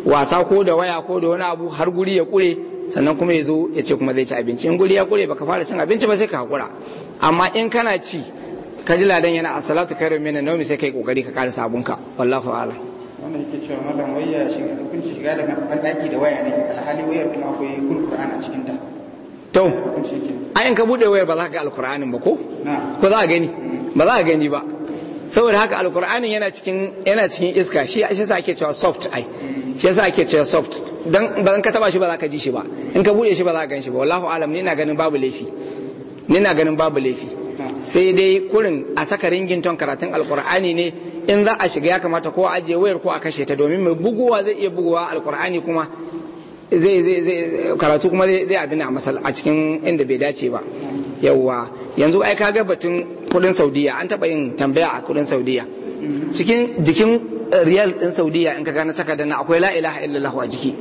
wasa ko da waya ko da wani abu har guri ya kure sannan kuma ya zo ya ce kuma zai ci abinci in guri ya kure baka fara cin abinci ba sai ka hakura amma in kana ci ka ji ladan yana a salatu kai min na naumi sai kai kokari ka karasa abunka wallahu ala wannan yake cewa malam waya shiga hukunci shiga da kan daki da waya ne alhali wayar kuma akwai kur'an a cikin ta to ayin ka bude wayar ba za ka ga alqur'anin ba ko ko za ka gani mm. ba za ka gani ba saboda haka alqur'anin yana cikin yana cikin iska shi shi sa ake cewa soft eye. shi yasa ake cewa soft dan ba ka taba shi ba za ka ji shi ba in ka bude shi ba za ka gan shi ba wallahu alam ni na ganin babu laifi ni ina ganin babu laifi sai dai kurin a saka ringin ton karatun alkur'ani ne in za a shiga ya kamata ko a ajiye wayar ko a kashe ta domin mai buguwa zai iya buguwa alqur'ani kuma zai zai zai karatu kuma zai abin a masal a cikin inda bai dace ba yawwa yanzu ai ga batun kudin saudiya an taba yin tambaya a kudin saudiya mm-hmm. cikin jikin riyal din saudiya in ka gane da na akwai la ilaha illallah a jiki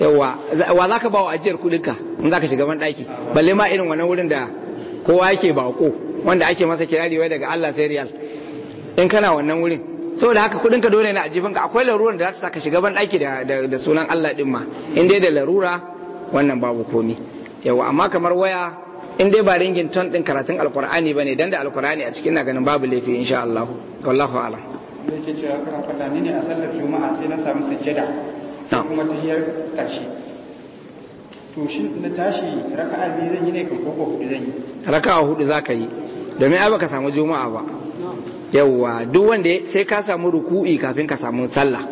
yawa wa za ka ba wa ajiyar kudinka in za ka shiga ban ɗaki balle ma irin wannan wurin da kowa yake bako wanda ake masa kirari wai daga Allah sai riyal in kana wannan wurin saboda haka kudinka dole ne a ka akwai laruran da za ta saka shiga ban ɗaki da sunan Allah din ma in dai da larura wannan babu komi yawa amma kamar waya in dai ba ringin ton din karatun alkur'ani bane dan da alkur'ani a cikin na ganin babu laifi insha Allah wallahu a'lam da ke cewa kana falla ni ne a sallar juma'a sai na samu sujjada sai kuma tahiyar karshe to shi na tashi raka'a biyu zan yi ne kan koko hudu zan yi raka'a hudu za ka yi domin ai baka samu juma'a ba yawwa duk wanda sai ka samu ruku'i kafin ka samu sallah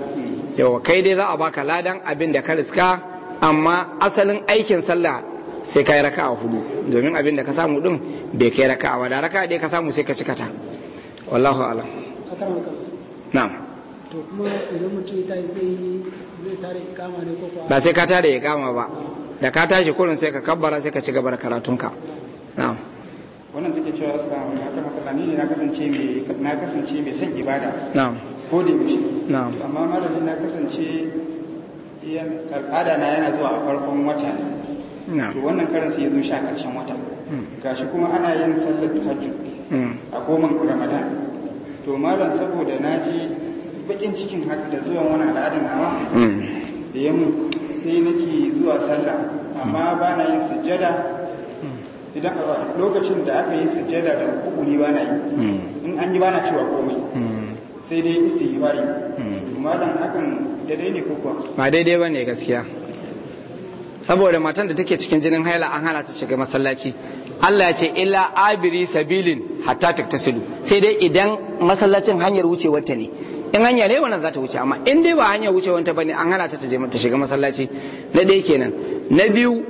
yawwa kai dai za a baka ladan abin da ka riska amma asalin aikin sallah sai kai raka'a hudu domin abin da ka samu din bai kai raka'a ba da raka'a dai ka samu sai ka cika ta wallahu a'lam na'am to kuma idan mutum ya tashi zai tare ikama ne ko ba sai ka tare ikama ba da ka tashi kurin sai ka kabbara sai ka ci gaba da karatunka na'am wannan suke cewa assalamu alaikum haka ni na kasance mai na kasance mai son ibada na'am ko da yaushe na'am amma madadin na kasance iyan al'ada na yana zuwa a farkon wata ne to wannan karin sai ya zo shi a karshen wata hmm. gashi kuma ana yin sallar hajji hmm. a goman ramadan to malam saboda na ji bakin cikin haka da zuwan wani al'adun nawa mm. da yamu sai nake zuwa sallah amma ba na yin sujjada idan lokacin da aka yi sujjada da hukuni ba na yi mm. in an yi ba na cewa komai mm. sai dai istighfari malam hakan daidai ne kuka? ba daidai ba ne gaskiya saboda matan da take cikin jinin haila an hana ta shiga masallaci Allah ya ce illa abiri sabilin hatta taktasilu sai dai idan masallacin hanyar wucewar ta ne in hanya ne wannan za ta wuce amma in dai ba hanyar wucewar ta bane an hana ta ta shiga masallaci na ɗaya kenan na biyu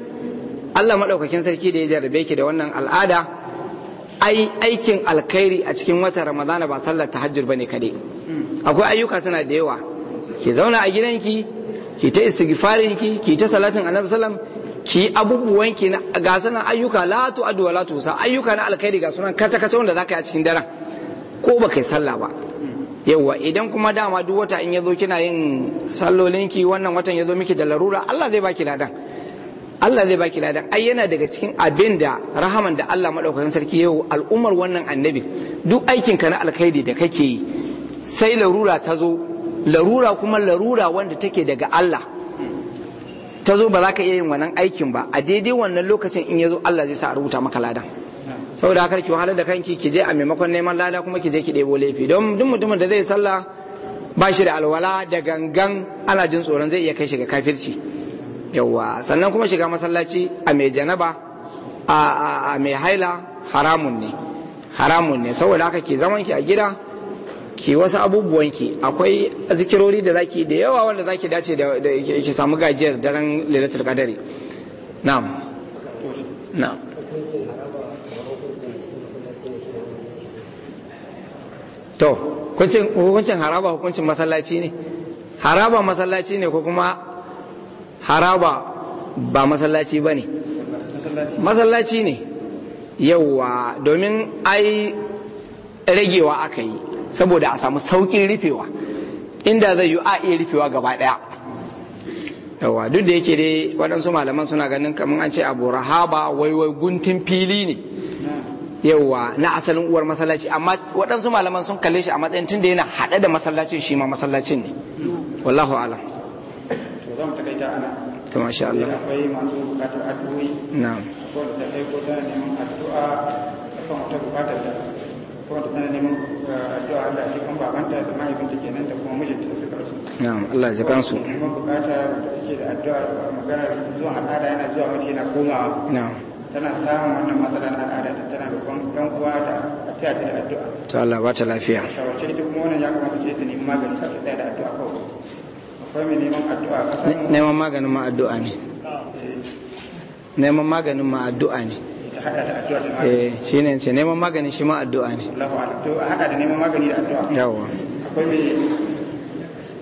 Allah madaukakin sarki da ya jarabe ki da wannan al'ada ai aikin alkhairi a cikin watan Ramadana ba sallar tahajjur bane kade akwai ayyuka suna da yawa ki zauna a gidanki ki ta istighfarinki ki ki ta salatin annabi sallallahu ki abubuwan ki ga sanan ayyuka la tu adu la tu sa ayyuka na alkhairi ga sunan kaca kace wanda zaka yi a cikin daren ko baka yi sallah ba yawa idan kuma dama duk wata in yazo kina yin sallolin ki wannan watan yazo miki da larura Allah zai baki ladan Allah zai baki ladan ai yana daga cikin abin da rahaman da Allah madaukakin sarki yau al'ummar wannan annabi duk aikin ka na alkhairi da kake yi sai larura ta zo larura kuma larura wanda take daga Allah ta zo ba za ka iya yin wannan aikin ba a daidai wannan lokacin in ya zo Allah zai sa a rubuta maka ladan saboda haka ki wahalar da kanki ki je a maimakon neman lada kuma ki je ki ɗebo laifi don duk mutumin da zai sallah ba shi da alwala da gangan ana jin tsoron zai iya kai shiga kafirci yawwa sannan kuma shiga masallaci a mai janaba a mai haila haramun ne haramun ne saboda haka ki zaman ki a gida ki wasu abubuwan ki akwai zikirori da zaki da yawa wanda zaki dace da ki samu gajiyar daren lailatul qadari na'am na'am to hukuncin hukuncin haraba hukuncin masallaci ne haraba masallaci ne ko kuma haraba ba masallaci ba ne masallaci ne yauwa domin ai ragewa aka yi saboda a samu sauƙin rufewa inda zai yi a iya rufewa gaba ɗaya yawa duk da yake dai waɗansu malaman suna ganin kamar an ce abu rahaba waiwai guntun fili ne yawa na asalin uwar masallaci amma waɗansu malaman sun kalle shi a matsayin tunda yana haɗe da masallacin shi ma masallacin ne wallahu alam to za takaita ana to masha Allah akwai masu bukatar addu'o'i na'am ko da ta kai ko ta neman addu'a akan wata bukatar da ko tana neman eh, addu'a Allah ya kan babanta da mahaifinta kenan da kuma kansu bukata da da addu'a magana zuwa al'ada yana zuwa mace yana komawa na'am tana samun wannan matsalar al'ada da tana uwa da ta da addu'a Allah ba ta lafiya shawarce ita kuma wannan ya kamata ce ta magani ta tsaya da addu'a kawai akwai mai neman addu'a kasan neman maganin ma addu'a ne neman maganin ma addu'a ne eh. hada da addu'a da magani eh shine ce neman magani shi ma addu'a ne Allahu a'lam to hada da neman magani da addu'a yawa akwai mai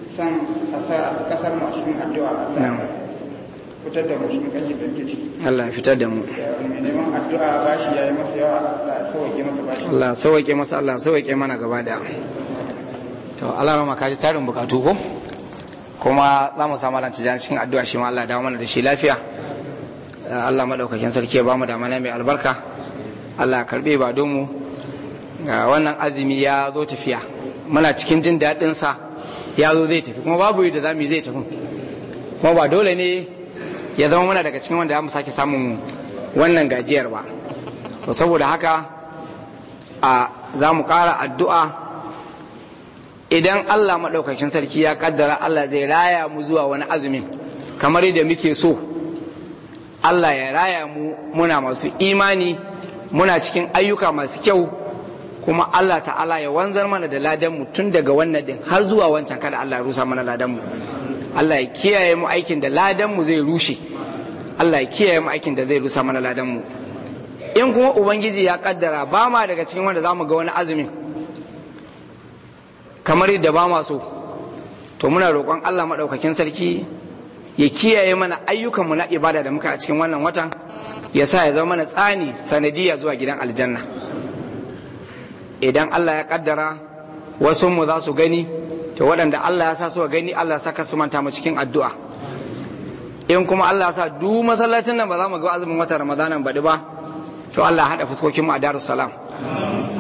san asa kasar mu cikin addu'a Allah fitar da mu cikin kanki dinki ciki Allah ya fitar da mu mai neman addu'a bashi yayi masa yawa Allah sauke masa bashi Allah sauke masa Allah sauke mana gaba da to Allah ma kaji tarin bukatu ko kuma za mu samu lanci cikin addu'a shi ma Allah dawo mana da shi lafiya Allah maɗaukakin sarki ya bamu damana mai albarka Allah karɓe ba mu wannan azumi ya zo tafiya muna cikin jin daɗin ya zo zai tafi kuma babu yadda zamu zai tafi kuma ba dole ne ya zama muna daga cikin wanda ya mu sake samun wannan gajiyar ba to saboda haka a za mu ƙara addu'a idan Allah maɗaukakin sarki ya kaddara Allah zai raya mu zuwa wani azumin kamar yadda muke so Allah ya raya mu muna masu imani muna cikin ayyuka masu kyau kuma Allah ta'ala ya wanzar mana da ladanmu tun daga wannan din har zuwa wancan kada Allah ya rusa mana ladanmu Allah ya kiyaye mu aikin da ladanmu zai rushe Allah ya kiyaye mu aikin da zai rusa mana ladanmu in kuma ubangiji ya kaddara ba ma daga cikin wanda za ga wani azumi kamar yadda ba ma so to muna roƙon Allah maɗaukakin sarki ya kiyaye mana ayyukanmu na ibada da muka a cikin wannan watan ya sa ya zama mana tsani sanadiyya zuwa gidan aljanna idan Allah ya kaddara wasu mu za su gani to waɗanda Allah ya sa su gani Allah ya saka su manta mu cikin addu'a in kuma Allah ya sa duk masallacin nan ba za mu ga azumin watan Ramadana ba ba to Allah ya haɗa fuskokin mu a Darus Salam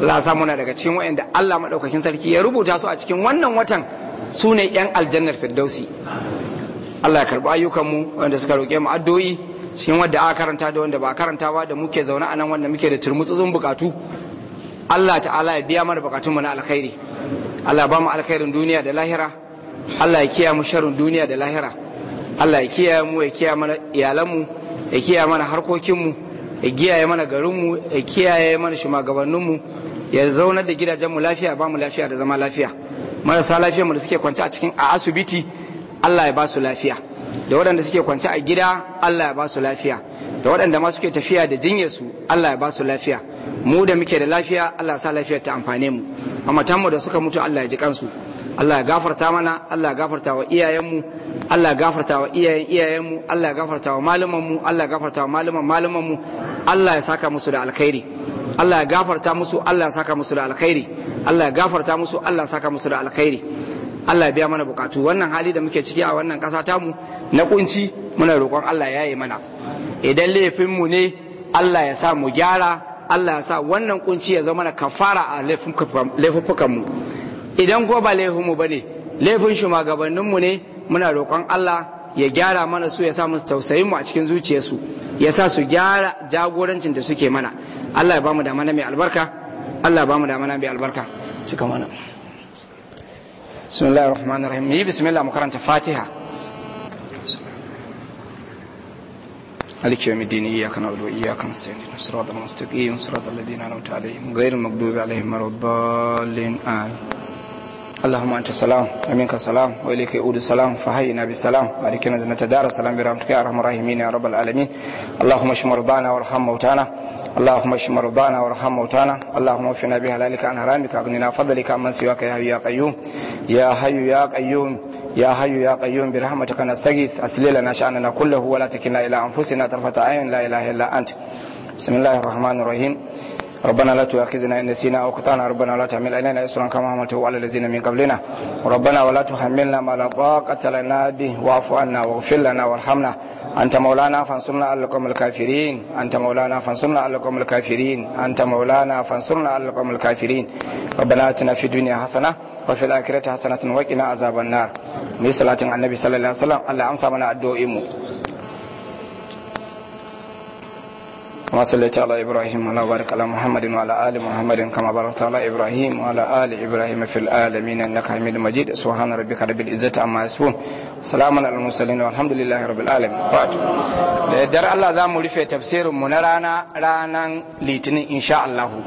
Allah ya sa muna daga cikin waɗanda Allah madaukakin sarki ya rubuta su a cikin wannan watan sune 'yan aljannar Firdausi Allah ya karbi ayyukanmu wanda suka roƙe mu addu'o'i cikin wanda aka karanta da wanda ba karanta ba da muke zaune a nan wanda muke da turmutsutsun bukatu Allah ta'ala ya biya mana bukatun mu na alkhairi Allah ya ba mu alkhairin duniya da lahira Allah ya kiyaye mu sharrin duniya da lahira Allah ya kiyaye mu ya kiyaye mana iyalanmu ya kiyaye mana harkokinmu ya kiyaye mana garinmu ya kiyaye mana mu ya zaunar da gidajenmu lafiya ba mu lafiya da zama lafiya marasa lafiyar mu da suke kwance a cikin a asibiti Allah ya ba su lafiya da waɗanda suke kwance a gida Allah ya ba su lafiya da waɗanda ma suke tafiya da jinyarsu su Allah ya ba su lafiya mu da muke da lafiya Allah ya sa lafiyar ta amfane mu amatanmu da suka mutu Allah ya ji kansu Allah ya gafarta mana Allah ya gafarta wa iyayenmu Allah ya gafarta wa iyayen iyayenmu Allah ya gafarta wa malumanmu Allah ya gafarta wa malaman malumanmu Allah ya saka musu da alkhairi Allah ya gafarta musu Allah ya saka musu da alkhairi Allah ya gafarta musu Allah ya saka musu da alkhairi Allah ya biya mana bukatu wannan hali da muke ciki a wannan ta mu na kunci muna roƙon Allah ya yi mana idan laifinmu ne Allah ya sa mu gyara Allah ya sa wannan kunci ya zama na kafara a laifuffukanmu idan ko ba laifinmu ba ne laifin shugabanninmu ne muna roƙon Allah ya gyara mana su ya sa musu tausayinmu a cikin zuciyarsu ya sa su gyara jagorancin da suke mana Allah ya bamu da mana mai albarka Allah ya bamu da mana mai albarka cika mana bismillahir rahmanir rahim yi bismillah mu karanta fatiha مالك يوم الدين إياك نعبد وإياك نستعين صراط المستقيم صراط الذين أنعمت عليهم غير المغضوب عليهم ولا الضالين آمين اللهم أنت السلام ومنك السلام وإليك يؤود السلام فحينا بالسلام باركنا زنة دار السلام برحمتك يا أرحم الراحمين يا رب العالمين اللهم اشف مرضانا وارحم موتانا اللهم اشف مرضانا وارحم موتانا اللهم وفقنا بحلالك عن حرامك واغننا فضلك عمن سواك يا حي يا قيوم يا حي يا قيوم يا حي يا قيوم برحمتك نستغيث اسل لنا شاننا كله ولا تكلنا الى انفسنا طرفه عين لا اله الا انت بسم الله الرحمن الرحيم ربنا لا تؤاخذنا ان نسينا او قطعنا ربنا ولا تحمل علينا اسرا كما حملته على الذين من قبلنا ربنا ولا تحملنا ما لا طاقه لنا به واعف عنا واغفر لنا وارحمنا انت مولانا فانصرنا على القوم الكافرين انت مولانا فانصرنا على القوم الكافرين انت مولانا فانصرنا على القوم الكافرين ربنا اتنا في الدنيا حسنه وفي الاخره حسنه وقنا عذاب النار من صلاه النبي صلى الله عليه وسلم الله امسى من ادعوئنا كما صليت على إبراهيم وعلى بارك على محمد وعلى آل محمد كما باركت على إبراهيم وعلى آل إبراهيم في العالمين إنك حميد مجيد سبحان ربك رب العزة عما يصفون سلام على المرسلين والحمد لله رب العالمين بعد در الله زامو رفي تفسير من رانا رانا لتنين إن شاء الله